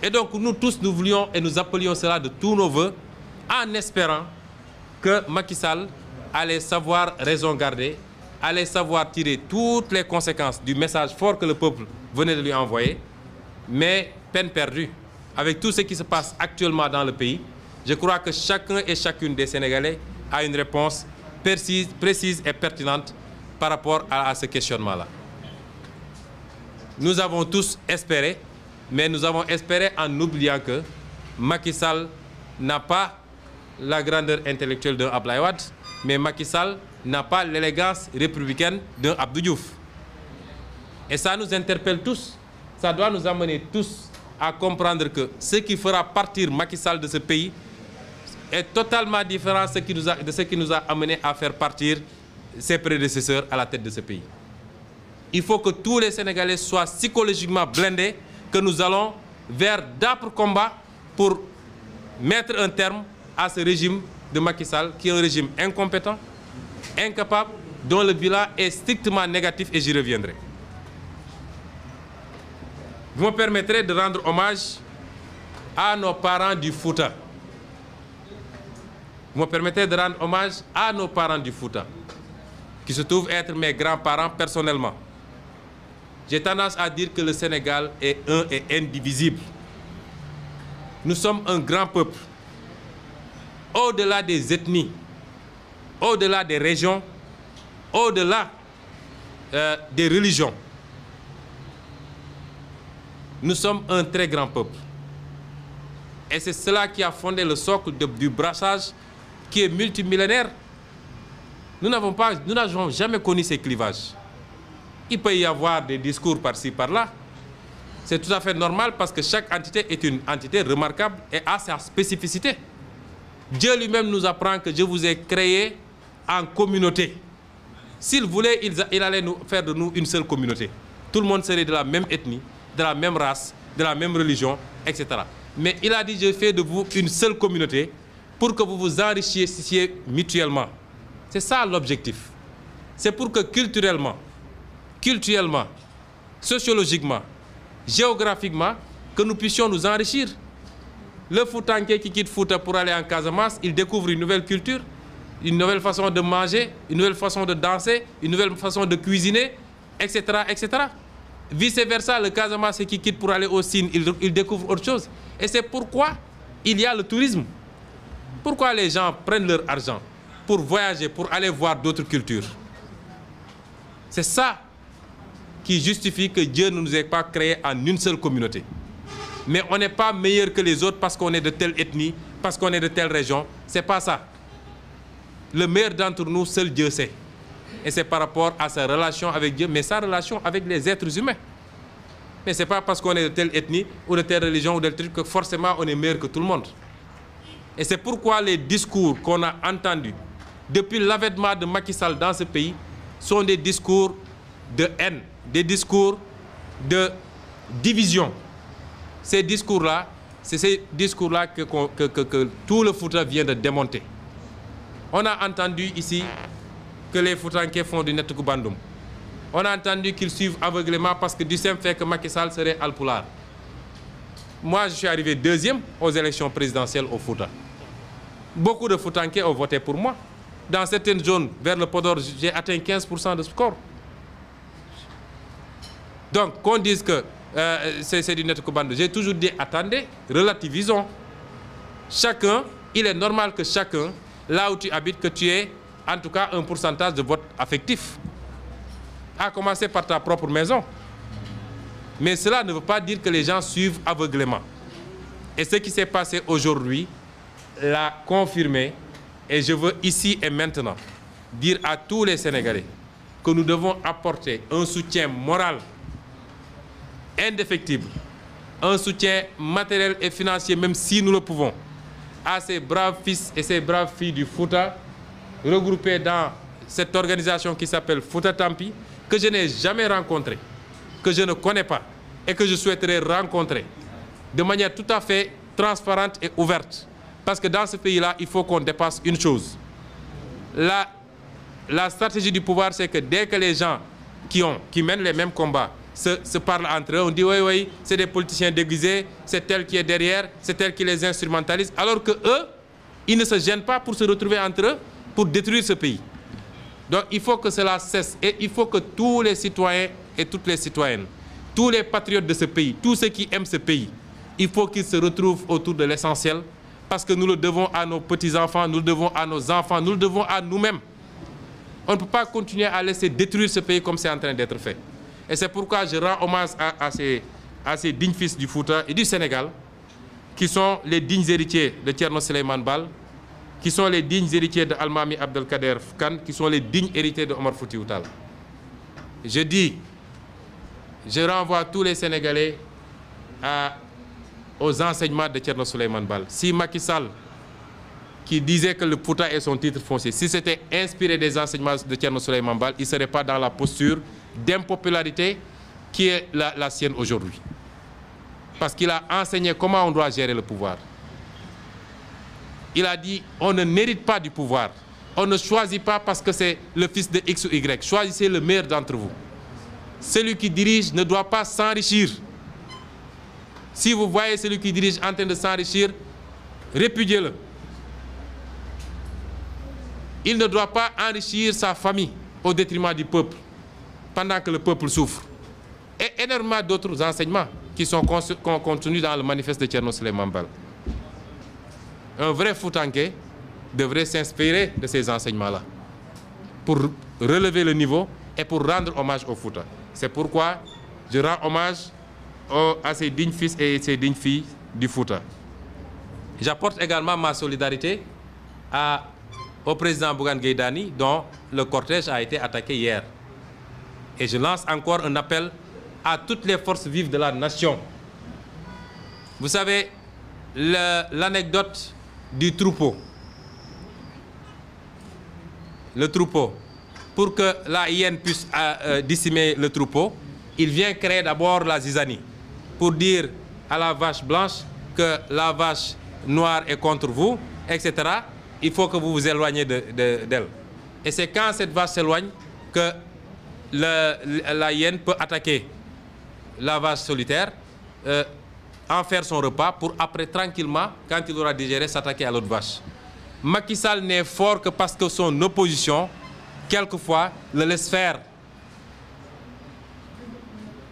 Et donc nous tous, nous voulions et nous appelions cela de tous nos voeux, en espérant que Macky Sall allait savoir raison garder, allait savoir tirer toutes les conséquences du message fort que le peuple venait mais peine perdue. Avec tout ce qui se passe actuellement dans le pays, je crois que chacun et chacune des Sénégalais a une réponse précise, précise et pertinente par rapport à, à ce questionnement-là. Nous avons tous espéré, mais nous avons espéré en oubliant que Macky Sall n'a pas la grandeur intellectuelle d'un Ablaye mais Macky Sall n'a pas l'élégance républicaine d'un Abdou Diouf. Et ça nous interpelle tous ça doit nous tous à comprendre que ce qui fera partir Macky Sall de ce pays est totalement différent de ce qui nous a, de ce qui nous a amené à faire partir ses prédécesseurs à la tête de ce pays. Il faut que tous les Sénégalais soient psychologiquement blindés, que nous allons vers d'âpres combats pour mettre un terme à ce régime de Macky Sall, qui est un régime incompétent, incapable, dont le bilan est strictement négatif et j'y reviendrai. Vous me permettrez de rendre hommage à nos parents du Fouta. Vous me permettez de à nos parents Fouta, qui se trouvent être mes grands-parents personnellement. J'ai tendance à dire que le Sénégal est un et indivisible. Nous sommes un grand peuple. Au-delà des ethnies, au-delà des régions, au-delà euh, des religions. Nous sommes un très grand peuple. Et c'est cela qui a fondé le socle de, du brassage qui est multimillénaire. Nous n'avons pas, nous n'avons jamais connu ces clivages. Il peut y avoir des discours par-ci, par-là. C'est tout à fait normal parce que chaque entité est une entité remarquable et a sa spécificité. Dieu lui-même nous apprend que je vous ai créé en communauté. S'il voulait, il, il allait nous faire de nous une seule communauté. Tout le monde serait de la même ethnie, de la même race, de la même religion, etc. Mais il a dit, je fais de vous une seule communauté pour que vous vous enrichissiez mutuellement. C'est ça l'objectif. C'est pour que culturellement, culturellement, sociologiquement, géographiquement, que nous puissions nous enrichir. Le Foutanké qui quitte Fouta pour aller en Casamance, il découvre une nouvelle culture, une nouvelle façon de manger, une nouvelle façon de danser, une nouvelle façon de cuisiner, etc. etc. Vice versa, le Casamance qui quitte pour aller au Sine, il, il découvre autre chose. Et c'est pourquoi il y a le tourisme. Pourquoi les gens prennent leur argent pour voyager, pour aller voir d'autres cultures C'est ça qui justifie que Dieu ne nous ait pas créés en une seule communauté. Mais on n'est pas meilleur que les autres parce qu'on est de telle ethnie, parce qu'on est de telle région. C'est pas ça. Le meilleur d'entre nous, seul Dieu et c'est par rapport à sa relation avec Dieu, mais sa relation avec les êtres humains. Mais c'est pas parce qu'on est de telle ethnie ou de telle religion ou de tel truc que forcément on est meilleur que tout le monde. Et c'est pourquoi les discours qu'on a entendus depuis l'avènement de Macky Sall dans ce pays sont des discours de haine, des discours de division. Ces discours-là, c'est ces discours-là que, que tout le Fouta vient de démonter. On a entendu ici que les Foutanké font du Nettuku Bandoum. On a entendu qu'ils suivent aveuglément parce que du simple fait que Macky Sall serait Alpoulard. Moi, je suis arrivé deuxième aux élections présidentielles au Fouta. Beaucoup de Foutanké ont voté pour moi. Dans certaines zones, vers le Podor, j'ai atteint 15% de score. Donc, qu'on dise que euh, c'est du Nettuku Bandoum, j'ai toujours dit attendez, relativisons. Chacun, il est normal que chacun, là où tu habites, que tu es en tout cas un pourcentage de vote affectif, à commencer par ta propre maison. Mais cela ne veut pas dire que les gens suivent aveuglément. Et ce qui s'est passé aujourd'hui l'a confirmé et je veux ici et maintenant dire à tous les Sénégalais que nous devons apporter un soutien moral indéfectible, un soutien matériel et financier, même si nous le pouvons, à ces braves fils et ces braves filles du Fouta regroupés dans cette organisation qui s'appelle Fouta Tampi, que je n'ai jamais rencontré, que je ne connais pas et que je souhaiterais rencontrer de manière tout à fait transparente et ouverte. Parce que dans ce pays-là, il faut qu'on dépasse une chose. La, la stratégie du pouvoir, c'est que dès que les gens qui, ont, qui mènent les mêmes combats se, se parlent entre eux, on dit oui, oui, c'est des politiciens déguisés, c'est tel qui est derrière, c'est tel qui les instrumentalise, alors que eux, ils ne pour se retrouver pour détruire ce pays. Donc il faut que cela cesse et faut que tous les citoyens et toutes les citoyennes, tous les patriotes de ce pays, tous ceux qui aiment ce pays, il faut qu'ils se retrouvent autour de l'essentiel parce que nous le devons à nos petits-enfants, nous le devons à nos enfants, nous le devons à nous-mêmes. On ne peut pas continuer à laisser détruire ce pays comme c'est en train d'être fait. Et c'est pourquoi je rends hommage à, à, ces, à ces dignes fils du Fouta et du Sénégal qui sont les dignes héritiers de Thierno Souleymane Baal qui sont les dignes héritiers de Almami Abdelkader Khan, qui sont les dignes héritiers de Omar Fouti Outal. Je dis, je renvoie tous les Sénégalais à, aux enseignements de Tcherno Souleyman Bal. Si Macky Sall, qui disait que le Pouta est son titre foncier, si c'était inspiré des enseignements de Tcherno Souleyman Bal, il ne serait pas dans la posture d'impopularité qui est la, la sienne aujourd'hui. Parce qu'il a enseigné comment on doit gérer le pouvoir. il a dit on ne n'hérite pas du pouvoir on ne choisit pas parce que c'est le fils de X ou Y choisissez le meilleur d'entre vous celui qui dirige ne doit pas s'enrichir si vous voyez celui qui dirige en train de s'enrichir répudiez-le il ne doit pas enrichir sa famille au détriment du peuple pendant que le peuple souffre et énormément d'autres enseignements qui sont contenus dans le manifeste de Thierno Souleymane Baal un vrai Foutanké devrait s'inspirer de ces enseignements-là pour relever le niveau et pour rendre hommage au Fouta. C'est pourquoi je rends hommage aux, à ces dignes fils et ces dignes filles du Fouta. J'apporte également ma solidarité à, au président Bougan Gaydani dont le cortège a été attaqué hier. Et je lance encore un appel à toutes les forces vives de la nation. Vous savez, l'anecdote du troupeau. Le troupeau. Pour que la hyène puisse euh, euh décimer le troupeau, il vient créer d'abord la zizanie pour dire à la vache blanche que la vache noire est contre vous, etc. Il faut que vous vous éloignez d'elle. De, de, Et c'est quand cette vache s'éloigne que le, la hyène peut attaquer la vache solitaire. Euh, en faire son repas pour après tranquillement, quand il aura digéré, s'attaquer à l'autre vache. Macky n'est fort que parce que son opposition, quelquefois, le laisse faire.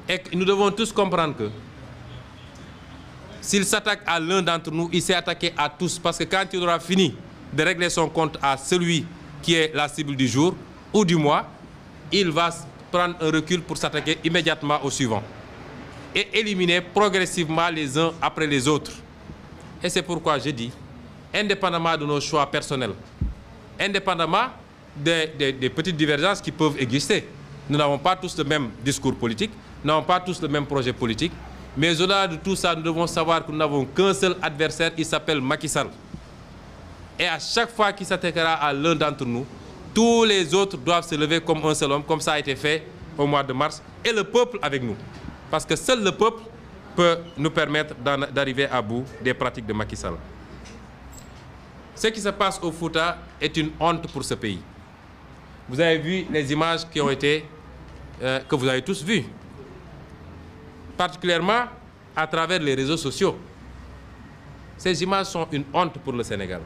Et nous devons tous comprendre que s'il s'attaque à l'un d'entre nous, il s'est attaqué à tous. Parce que quand il aura fini de régler son compte à celui qui est la cible du jour ou du mois, il va prendre un recul pour s'attaquer immédiatement au suivant. et éliminer progressivement les uns après les autres. Et c'est pourquoi je dis, indépendamment de nos choix personnels, indépendamment des, des, des petites divergences qui peuvent exister, nous n'avons pas tous le même discours politique, nous n'avons pas tous le même projet politique, mais au-delà de tout ça, nous devons savoir que nous n'avons qu'un seul adversaire, il s'appelle Macky Et à chaque fois qu'il s'attaquera à l'un d'entre nous, tous les autres comme un mois de mars, le peuple avec parce que seul le peuple peut nous permettre d'arriver à bout des pratiques de Macky Sall. Ce qui se passe au Fouta est une honte pour ce pays. Vous avez vu les images qui ont été, euh, que vous avez tous vues, particulièrement à travers les réseaux sociaux. Ces images sont une honte pour le Sénégal.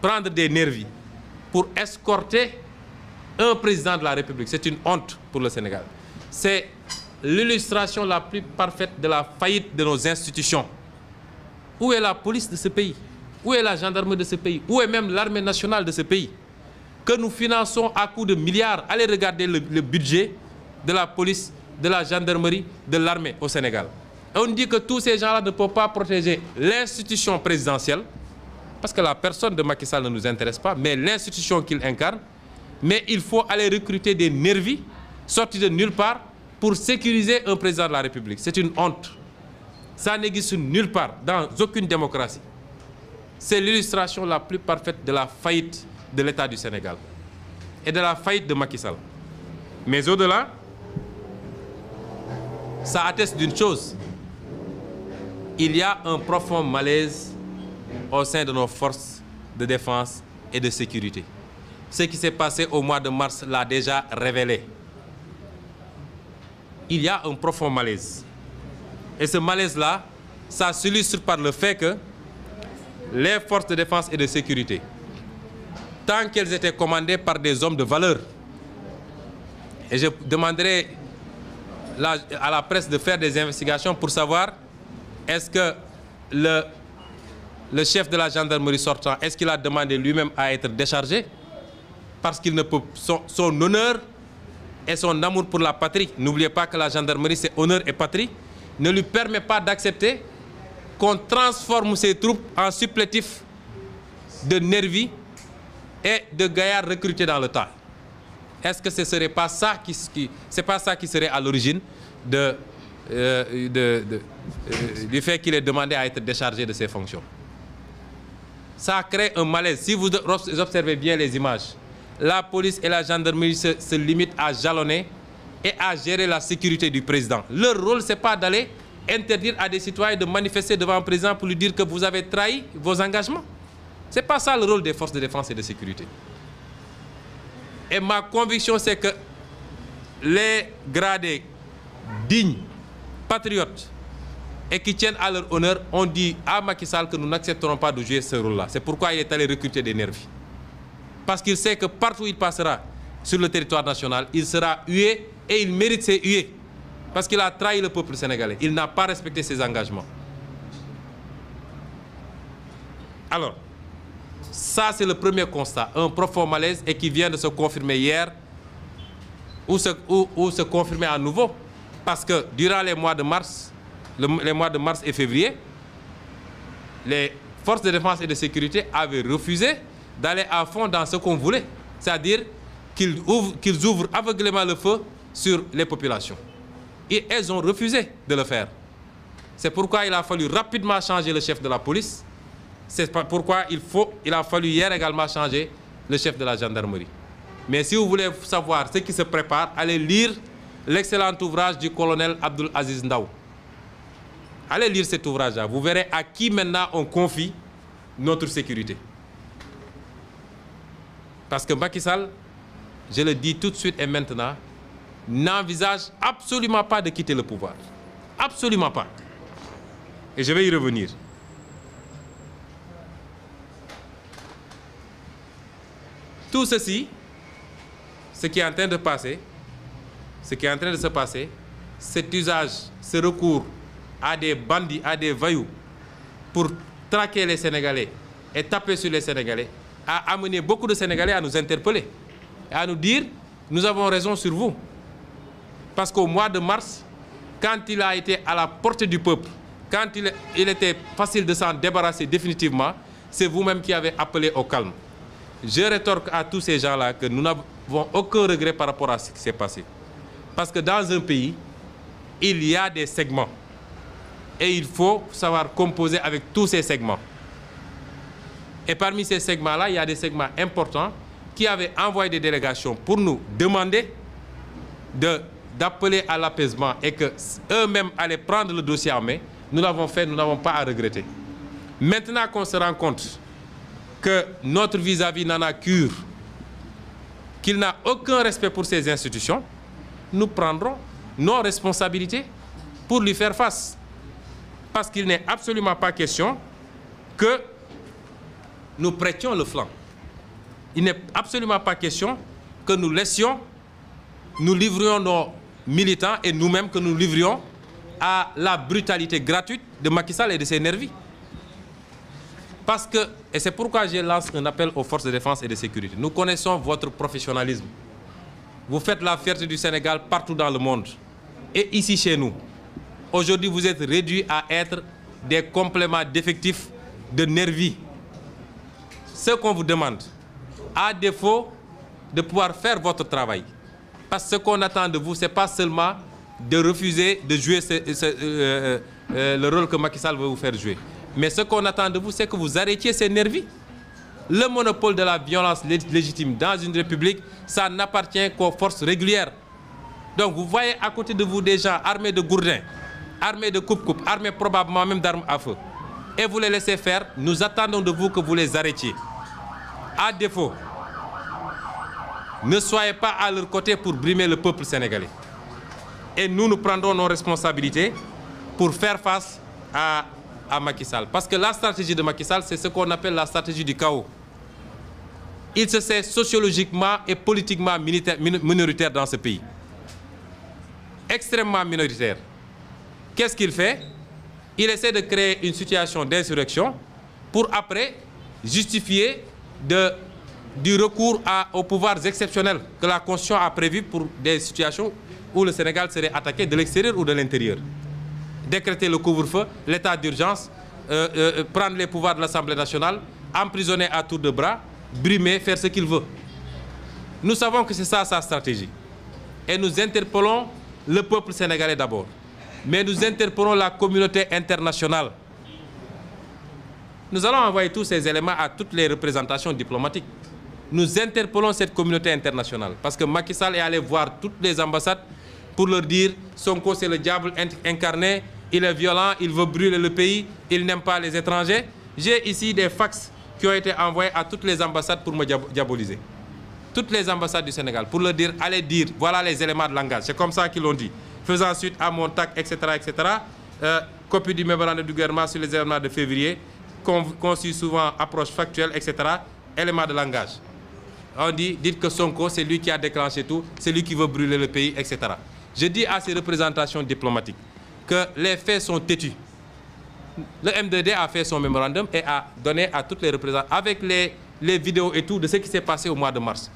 Prendre des nervis pour escorter un président de la République, c'est une honte pour le Sénégal. C'est l'illustration la plus parfaite de la faillite de nos institutions. Où est la police de ce pays? Où est la gendarmerie de ce pays? Où est même l'armée nationale de ce pays? Que nous finançons à coups de milliards. Allez regarder le, le budget de la police, de la gendarmerie, de l'armée au Sénégal. Et on dit que tous ces gens-là ne peuvent pas protéger l'institution présidentielle, parce que la personne de Macky Sall ne nous intéresse pas, mais l'institution qu'il incarne. Mais il faut aller recruter des nervis sorti de nulle part pour sécuriser un président de la République. C'est une honte. Ça n'existe nulle part, dans aucune démocratie. C'est l'illustration la plus parfaite de la faillite de l'État du Sénégal et de la faillite de Macky Sall. Mais au-delà, ça atteste d'une chose. Il y a un profond malaise au sein de nos forces de défense et de sécurité. Ce qui s'est passé au mois de mars l'a déjà révélé. il y a un profond malaise. Et ce malaise-là, ça s'illustre par le fait que les forces de défense et de sécurité, tant qu'elles étaient commandées par des hommes de valeur, et je demanderai à la presse de faire des investigations pour savoir est-ce que le, le chef de la gendarmerie sortant, est-ce qu'il a demandé lui-même à être déchargé parce qu'il ne peut, son, son honneur et son amour pour la patrie, n'oubliez pas que la gendarmerie, c'est honneur et patrie, ne lui permet pas d'accepter qu'on transforme ses troupes en supplétifs de nervis et de gaillards recrutés dans le temps. Est-ce que ce serait pas ça qui, qui c'est pas ça qui serait à l'origine de, euh, de, de euh, du fait qu'il est demandé à être déchargé de ses fonctions? Ça crée un malaise. Si vous observez bien les images, la police et la gendarmerie se, se limitent à jalonner et à gérer la sécurité du président. Leur rôle, c'est pas d'aller interdire à des citoyens de manifester devant un président pour lui dire que vous avez trahi vos engagements. C'est pas ça le rôle des forces de défense et de sécurité. Et ma conviction, c'est que les gradés dignes, patriotes et qui tiennent à leur honneur ont dit à Macky Sall que nous n'accepterons pas de jouer ce rôle-là. C'est pourquoi il est allé parce qu'il sait que partout où il passera sur le territoire national, il sera hué et il mérite ses huées. Parce qu'il a trahi le peuple sénégalais. Il n'a pas respecté ses engagements. Alors, ça c'est le premier constat, un profond malaise et qui vient de se confirmer hier ou se, ou, ou se confirmer à nouveau. Parce que durant les mois de mars, le, les mois de mars et février, les forces de défense et de sécurité avaient refusé d'aller à fond dans ce qu'on voulait, c'est-à-dire qu'ils ouvrent, qu'ils aveuglément le feu sur les populations. Et elles ont refusé de le faire. C'est pourquoi il a fallu rapidement changer le chef de la police. C'est pourquoi il faut, il a fallu hier également changer le chef de la gendarmerie. Mais si vous voulez savoir ce qui se prépare, allez lire l'excellent ouvrage du colonel Abdoul Aziz Ndaw. Allez lire cet ouvrage-là. Vous verrez à qui maintenant on confie notre sécurité. Parce que Macky Sall, je le dis tout de suite et maintenant, n'envisage absolument pas de quitter le pouvoir. Absolument pas. Et je vais y revenir. Tout ceci, ce qui est en train de passer, ce est en train de se passer, cet usage, ce recours à des bandits, à des vaillous pour traquer les Sénégalais et taper sur les Sénégalais, a amené beaucoup de Sénégalais à nous interpeller, à nous dire nous avons raison sur vous. Parce qu'au mois de mars, quand il a été à la porte du peuple, quand il, il était facile de s'en débarrasser définitivement, c'est vous-même qui avez appelé au calme. Je rétorque à tous ces gens-là que nous n'avons aucun regret par rapport à ce qui s'est passé. Parce que dans un pays, il y a des segments. Et il faut savoir composer avec tous ces segments. Et parmi ces segments-là, il y a des segments importants qui avaient envoyé des délégations pour nous demander de d'appeler à l'apaisement et que eux-mêmes allaient prendre le dossier en main. Nous l'avons fait, nous n'avons pas à regretter. Maintenant qu'on se rend compte que notre vis-à-vis n'en a cure, qu'il n'a aucun respect pour ces institutions, nous prendrons nos responsabilités pour lui faire face. Parce qu'il n'est absolument pas question que nous prêtions le flanc. Il n'est absolument pas question que nous laissions, nous livrions nos militants et nous-mêmes que nous livrions à la brutalité gratuite de Macky Sall et de ses nervis. Parce que, et c'est pourquoi je lance un appel aux forces de défense et de sécurité. Nous connaissons votre professionnalisme. Vous faites la fierté du Sénégal partout dans le monde. Et ici chez nous, aujourd'hui vous êtes réduits à être des compléments d'effectifs de nervis. ce qu'on vous demande, à défaut de pouvoir faire votre travail. Parce que ce qu'on attend de vous, ce n'est pas seulement de refuser de jouer euh, euh, euh, le rôle que Macky Sall veut vous faire jouer. Mais ce qu'on attend de vous, c'est que vous arrêtiez ces nervis. Le monopole de la violence légitime dans une république, ça n'appartient qu'aux forces régulières. Donc vous voyez à côté de vous des gens armés de gourdins, armés de coupe-coupe, armés probablement même d'armes à feu. Et vous les laissez faire, de vous que vous à défaut, ne soyez pas à leur côté pour brimer le peuple sénégalais. Et nous, nous prendrons nos responsabilités pour faire face à, à Macky Sall. Parce que la stratégie de Macky Sall, c'est ce qu'on appelle la stratégie du chaos. Il se sait sociologiquement et politiquement minoritaire dans ce pays. Extrêmement minoritaire. Qu'est-ce qu'il fait Il essaie de créer une situation d'insurrection pour après justifier de, du recours à, aux pouvoirs exceptionnels que la Constitution a prévu pour des situations où le Sénégal serait attaqué de l'extérieur ou de l'intérieur. Décréter le couvre-feu, l'état d'urgence, euh, euh, prendre les pouvoirs de l'Assemblée nationale, emprisonner à tour de bras, brimer, faire ce qu'il veut. Nous savons que c'est ça sa stratégie. Et nous interpellons le peuple sénégalais d'abord. Mais nous interpellons la communauté internationale Nous allons envoyer tous ces éléments à toutes les représentations diplomatiques. Nous interpellons cette communauté internationale parce que Macky Sall est allé voir toutes les ambassades pour leur dire Sonko c'est le diable incarné, il est violent, il veut brûler le pays, il n'aime pas les étrangers. J'ai ici des fax qui ont été envoyés à toutes les ambassades pour me diaboliser. Toutes les ambassades du Sénégal pour leur dire allez dire voilà les éléments comme ça qu'ils l'ont dit. Faisant suite à mon tac, etc., etc. Euh, qu'on conçue souvent approche factuelle, etc., élément de langage. On dit, dites que Sonko, c'est lui qui a déclenché tout, c'est lui qui veut brûler le pays, etc. Je dis à ces représentations diplomatiques que les faits sont têtus. Le MDD a fait son mémorandum et a donné à toutes les représentations, avec les, les vidéos et tout, de ce qui s'est passé au mois de mars.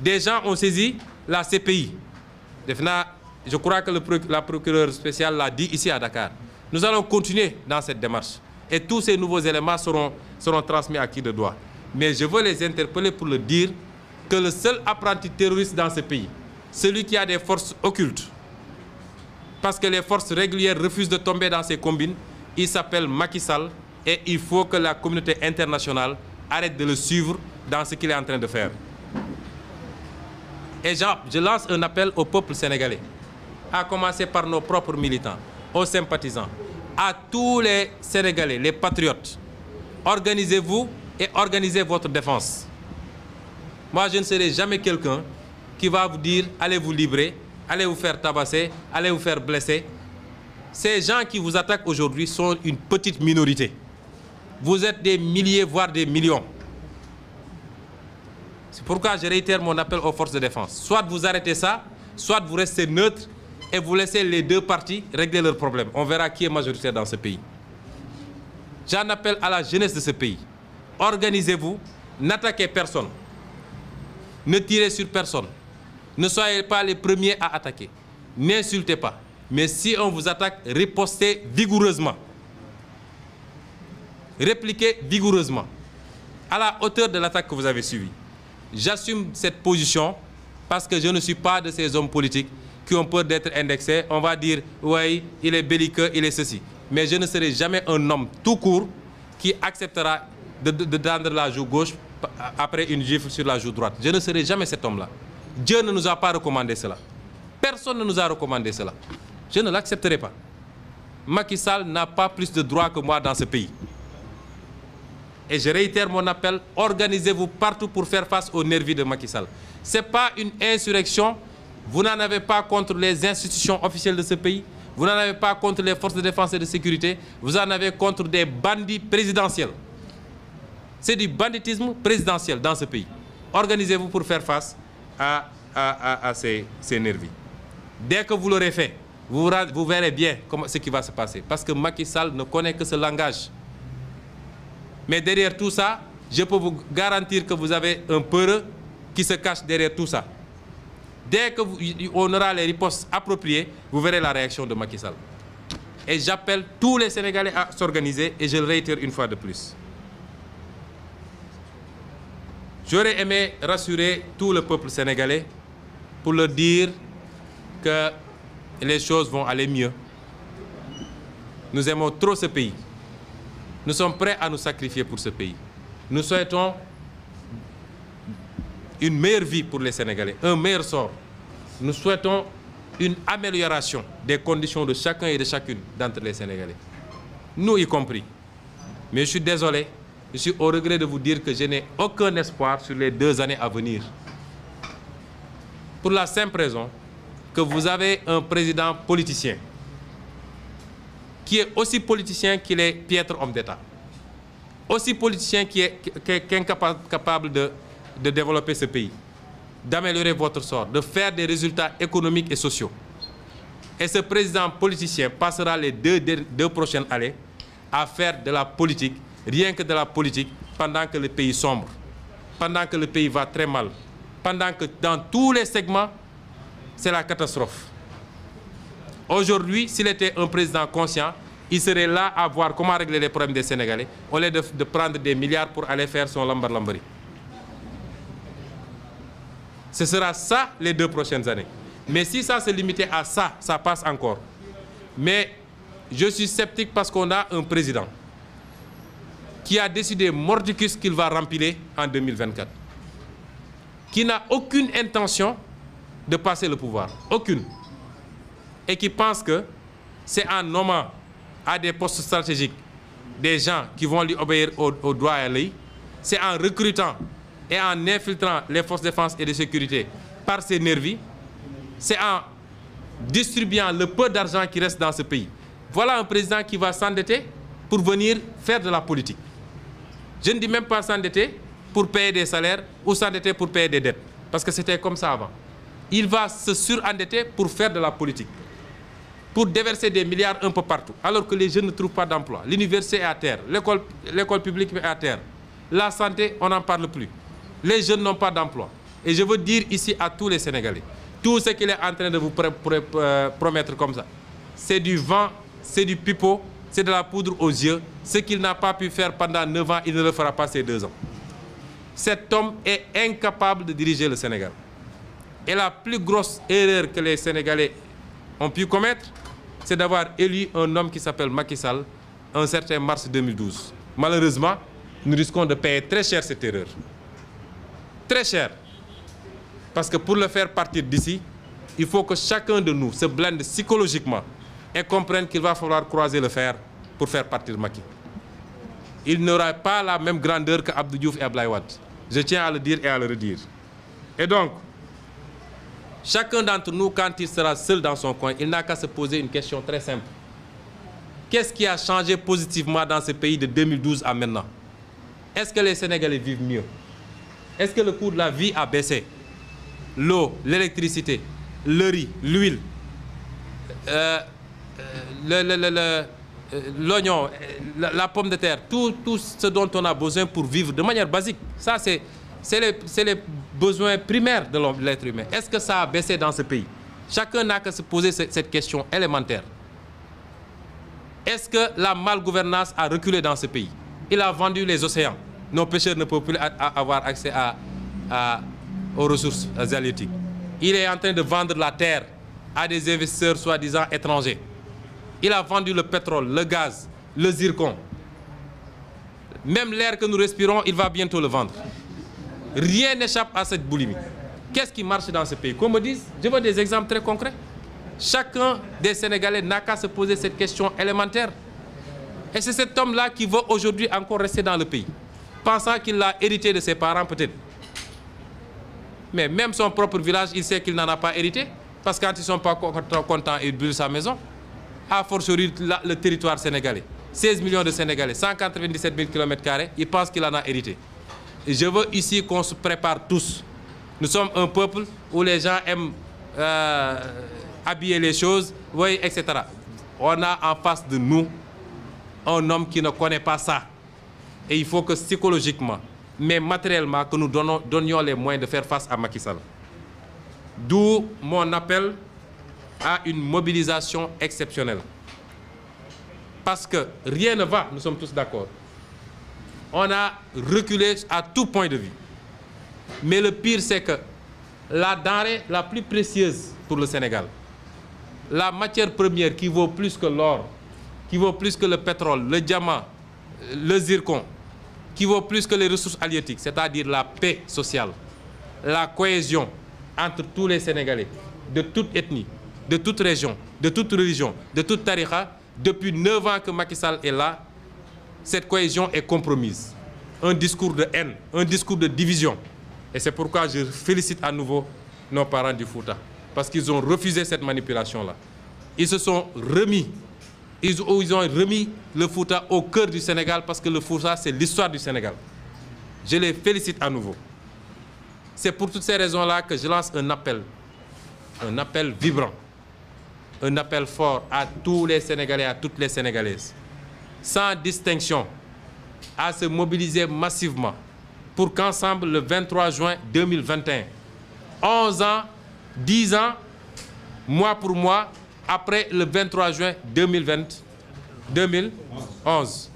Des gens ont saisi la CPI. Je crois que le, la procureure spéciale l'a dit ici à Dakar. Nous allons continuer dans cette démarche. Et tous ces nouveaux éléments seront, seront transmis à qui de droit. Mais je veux les interpeller pour le dire que le seul apprenti terroriste dans ce pays, celui qui a des forces occultes, parce que les forces régulières refusent de tomber dans ces combines, il s'appelle Macky Sall et il faut que la communauté internationale arrête de le suivre dans ce qu'il est en train de faire. Et Jean, je lance un appel au peuple sénégalais, à commencer par nos propres militants, aux sympathisants, à tous les Sénégalais, les patriotes, organisez-vous et organisez votre défense. Moi, je ne serai jamais quelqu'un qui va vous dire allez vous livrer, allez vous faire tabasser, allez vous faire blesser. Ces gens qui vous attaquent aujourd'hui sont une petite minorité. Vous êtes des milliers, voire des millions. C'est pourquoi je réitère mon appel aux forces de défense. Soit vous arrêtez ça, soit vous restez et vous laissez les deux partis régler leurs problèmes. On verra qui est majoritaire dans ce pays. J'en appelle à la jeunesse de ce pays. Organisez-vous, n'attaquez personne. Ne tirez sur personne. Ne soyez pas les premiers à attaquer. N'insultez pas. Mais si on vous attaque, ripostez vigoureusement. Répliquez vigoureusement. À la hauteur de l'attaque que vous avez suivie. J'assume cette position parce que je ne suis pas de ces hommes politiques qui ont peur d'être indexés, on va dire, oui, il est belliqueux, il est ceci. Mais je ne serai jamais un homme tout court qui acceptera de, de, de tendre la joue gauche après une gifle sur la joue droite. Je ne serai jamais cet homme-là. Dieu ne nous a pas recommandé cela. Personne ne nous a recommandé cela. Je ne l'accepterai pas. Macky Sall n'a pas plus de droits que moi dans ce pays. Et je réitère mon appel, organisez-vous partout pour faire face aux nervis de Macky Sall. Ce pas une insurrection Vous n'en avez pas contre les institutions officielles de ce pays. Vous n'en avez pas contre les forces de défense et de sécurité. Vous en avez contre des bandits présidentiels. C'est du banditisme présidentiel dans ce pays. Organisez-vous pour faire face à, à, à, à ces, ces nervis. Dès que vous l'aurez fait, vous, verrez bien comment, ce qui va se passer. Parce que Macky Sall ne connaît que ce langage. Mais derrière tout ça, je peux vous garantir que vous avez un peureux qui se tout ça. Dès que vous, on aura les ripostes appropriées, vous verrez la réaction de Macky Sall. Et j'appelle tous les Sénégalais à s'organiser et je le réitère une fois de plus. J'aurais aimé rassurer tout le peuple sénégalais pour leur dire que les choses vont aller mieux. Nous aimons trop ce pays. Nous sommes prêts à nous sacrifier pour ce pays. une meilleure vie pour les Sénégalais, un meilleur sort. Nous souhaitons une amélioration des conditions de chacun et de chacune d'entre les Sénégalais, nous y compris. Mais je suis désolé, je suis au regret de vous dire que je n'ai aucun espoir sur les deux années à venir. Pour la simple raison que vous avez un président politicien qui est aussi politicien qu'il est piètre homme d'État, aussi politicien qui est, qui de de développer ce pays, d'améliorer votre sort, de faire des résultats économiques et sociaux. Et ce président politicien passera les deux, deux prochaines années à faire de la politique, rien que de la politique, pendant que le pays sombre, pendant que le pays va très mal, pendant que dans tous les segments, c'est la catastrophe. Aujourd'hui, s'il était un président conscient, il serait là à voir comment régler les problèmes des Sénégalais, au lieu de, de prendre des milliards pour aller faire son lambar-lambari. Ce sera ça les deux prochaines années. Mais si ça se à ça, encore. Mais je suis sceptique parce qu'on a un président qui a décidé mordicus qu'il va rempiler en 2024, qui n'a aucune intention de passer le pouvoir, aucune, et que c'est en nommant à des postes stratégiques des gens qui vont lui obéir au, au droit en recrutant et en infiltrant les forces de défense et de sécurité par ces nervis, c'est en distribuant le peu d'argent qui reste dans ce pays. Voilà un président qui va s'endetter pour venir faire de la politique. Je ne dis même pas s'endetter pour payer des salaires ou s'endetter pour payer des dettes, parce que c'était comme ça avant. Il va se surendetter pour faire de la politique, pour déverser des milliards un peu partout, alors que les jeunes ne trouvent pas d'emploi. L'université est à terre, l'école publique est à terre, on n'en parle les jeunes n'ont pas d'emploi. Et je veux dire ici à tous les Sénégalais, tout ce qu'il est en train de vous euh, promettre comme ça, c'est du vent, c'est du pipeau, c'est de la poudre aux yeux. Ce qu'il n'a pas pu faire pendant 9 ans, il ne le fera pas ces 2 ans. Cet homme est incapable de diriger le Sénégal. Et la plus grosse erreur que les Sénégalais ont pu commettre, c'est d'avoir élu un homme qui s'appelle Macky Sall un certain mars 2012. Malheureusement, nous risquons de payer très cher cette erreur. très cher. Parce que pour le faire partir d'ici, il faut que chacun de nous se blinde psychologiquement et comprenne qu'il va falloir croiser le fer pour faire partir Macky. Il n'aura pas la même grandeur que Abdou Diouf et Abdoulaye Wade. Je tiens à le dire et à le redire. Et donc, chacun d'entre nous, quand il sera seul dans son coin, il n'a qu'à se poser une question très simple. Qu'est-ce qui a changé positivement dans ce pays de 2012 à maintenant Est-ce que les Sénégalais Est-ce que le coût de la vie a baissé? L'eau, l'électricité, le riz, l'huile, euh, euh le le le le euh, l'oignon, euh, la, la pomme de terre, tout tout ce dont on a besoin pour vivre de manière basique. Ça, c'est c'est les c'est les besoins primaires de l'être humain. Est-ce que ça a baissé dans ce pays? Chacun n'a qu'à se poser cette question élémentaire. Est-ce que la malgouvernance a reculé dans ce pays? Il a vendu les océans. nos pêcheurs ne peuvent plus avoir accès à, à, aux ressources euh, halieutiques. Il est en train de vendre la terre à des investisseurs soi-disant étrangers. Il a vendu le pétrole, le gaz, le zircon. Même l'air que nous respirons, il va bientôt le vendre. Rien n'échappe à cette boulimie. Qu'est-ce qui marche dans ce pays Qu'on me dise, je veux des exemples très concrets. Chacun des Sénégalais n'a qu'à se poser cette question élémentaire. Et c'est cet homme-là qui veut aujourd'hui encore rester dans le pays. pensant qu'il l'a hérité de ses parents peut-être. Mais même son propre village, il sait qu'il n'en a pas hérité. Parce que quand ils ne sont pas contents, ils brûlent sa maison. A le territoire sénégalais. millions de Sénégalais, 197 000 il pense qu'il en a hérité. Et je veux ici qu'on se prépare tous. Nous sommes un peuple où les gens aiment euh, les choses, voyez, etc. On a en face de nous un homme qui ne connaît pas ça. Et il faut que psychologiquement, mais matériellement, que nous donnons, donnions les moyens de faire face à Macky Sall. D'où mon appel à une mobilisation exceptionnelle. Parce que rien ne va, nous sommes tous d'accord. On a reculé à tout point de vue. Mais le pire, c'est que la denrée la plus précieuse pour le Sénégal, la matière première qui vaut plus que l'or, qui plus que le pétrole, le diamant, le zircon, qui vaut plus que les ressources halieutiques, c'est-à-dire la paix sociale, la cohésion entre tous les Sénégalais, de toute ethnie, de toute région, de toute religion, de toute tariqa, depuis neuf ans que Macky Sall est là, cette cohésion est compromise. Un discours de haine, un discours de division. Et c'est pourquoi je félicite à nouveau nos parents du Fouta, parce qu'ils ont refusé cette manipulation-là. Ils se sont remis ils, ils ont remis le Fouta au cœur du Sénégal parce que le Fouta, c'est l'histoire du Sénégal. Je les félicite à nouveau. C'est pour toutes ces raisons-là que je lance un appel, un appel vibrant, un appel fort à tous les Sénégalais, à toutes les Sénégalaises, sans distinction, à se mobiliser massivement pour qu'ensemble, le 23 juin 2021, 11 ans, 10 ans, mois pour mois, après le 23 juin 2020, 2011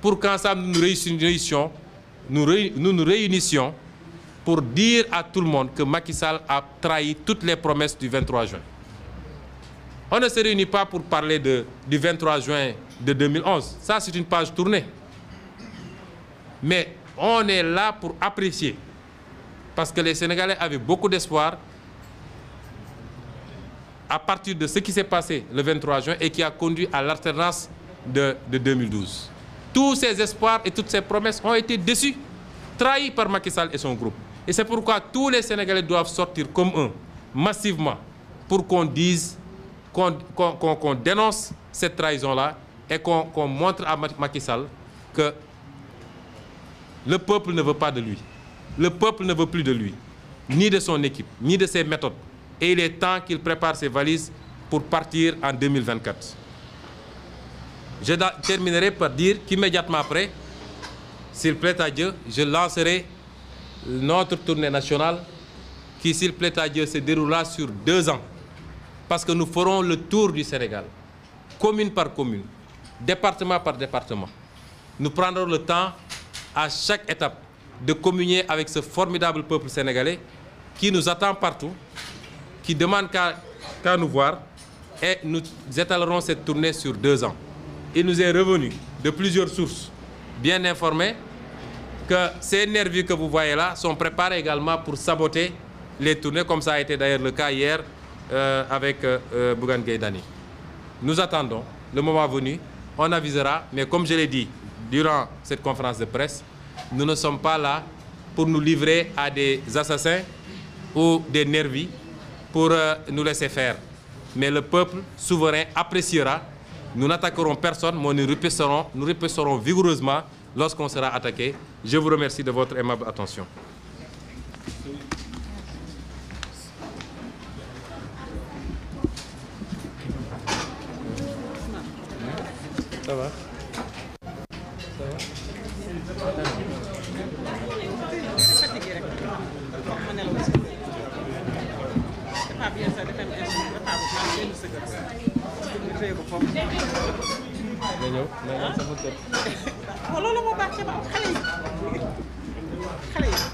pour qu'ensemble nous réunissions, nous, ré, nous nous réunissions pour dire à tout le monde que Macky Sall a trahi toutes les promesses du 23 juin. On ne se réunit pas pour parler de, du 23 juin de 2011. Ça, c'est une page tournée. Mais on est là pour apprécier. Parce que les Sénégalais avaient beaucoup d'espoir à partir de ce qui s'est passé le 23 juin et qui a conduit à l'alternance de, de 2012. Tous ces espoirs et toutes ces promesses ont été déçus, trahis par Macky et son groupe. Et c'est pourquoi tous les Sénégalais doivent sortir comme un, massivement, pour qu'on dise, qu'on qu qu dénonce cette trahison-là et qu'on qu montre à Macky Sall que le peuple ne veut pas lui. Le peuple ne veut plus de lui, ni de son équipe, ni de et il est temps qu'il prépare ses valises pour partir en 2024. Je terminerai par dire qu'immédiatement après, s'il plaît à Dieu, je lancerai notre tournée nationale qui, s'il plaît à Dieu, se déroulera sur deux ans. Parce que nous ferons le tour du Sénégal, commune par commune, département par département. Nous prendrons le temps, à chaque étape, de communier avec ce formidable peuple sénégalais qui nous attend partout qui demandent qu'à qu nous voir et nous étalerons cette tournée sur deux ans. Il nous est revenu de plusieurs sources bien informées que ces nervis que vous voyez là sont préparés également pour saboter les tournées, comme ça a été d'ailleurs le cas hier euh, avec euh, euh Bougan Gaydani. Nous attendons le moment venu, on avisera, mais comme je l'ai dit durant cette conférence de presse, nous ne sommes pas là pour nous livrer à des assassins ou des nervis pour euh, nous laisser faire. Mais le peuple souverain appréciera. Nous n'attaquerons personne, mais nous répresserons, nous répresserons vigoureusement lorsqu'on sera attaqué. Je vous remercie de votre aimable attention. Ça va. ñëw na nga sama kër. waaw [laughs] loolu moo baax ci xale yi xale yi.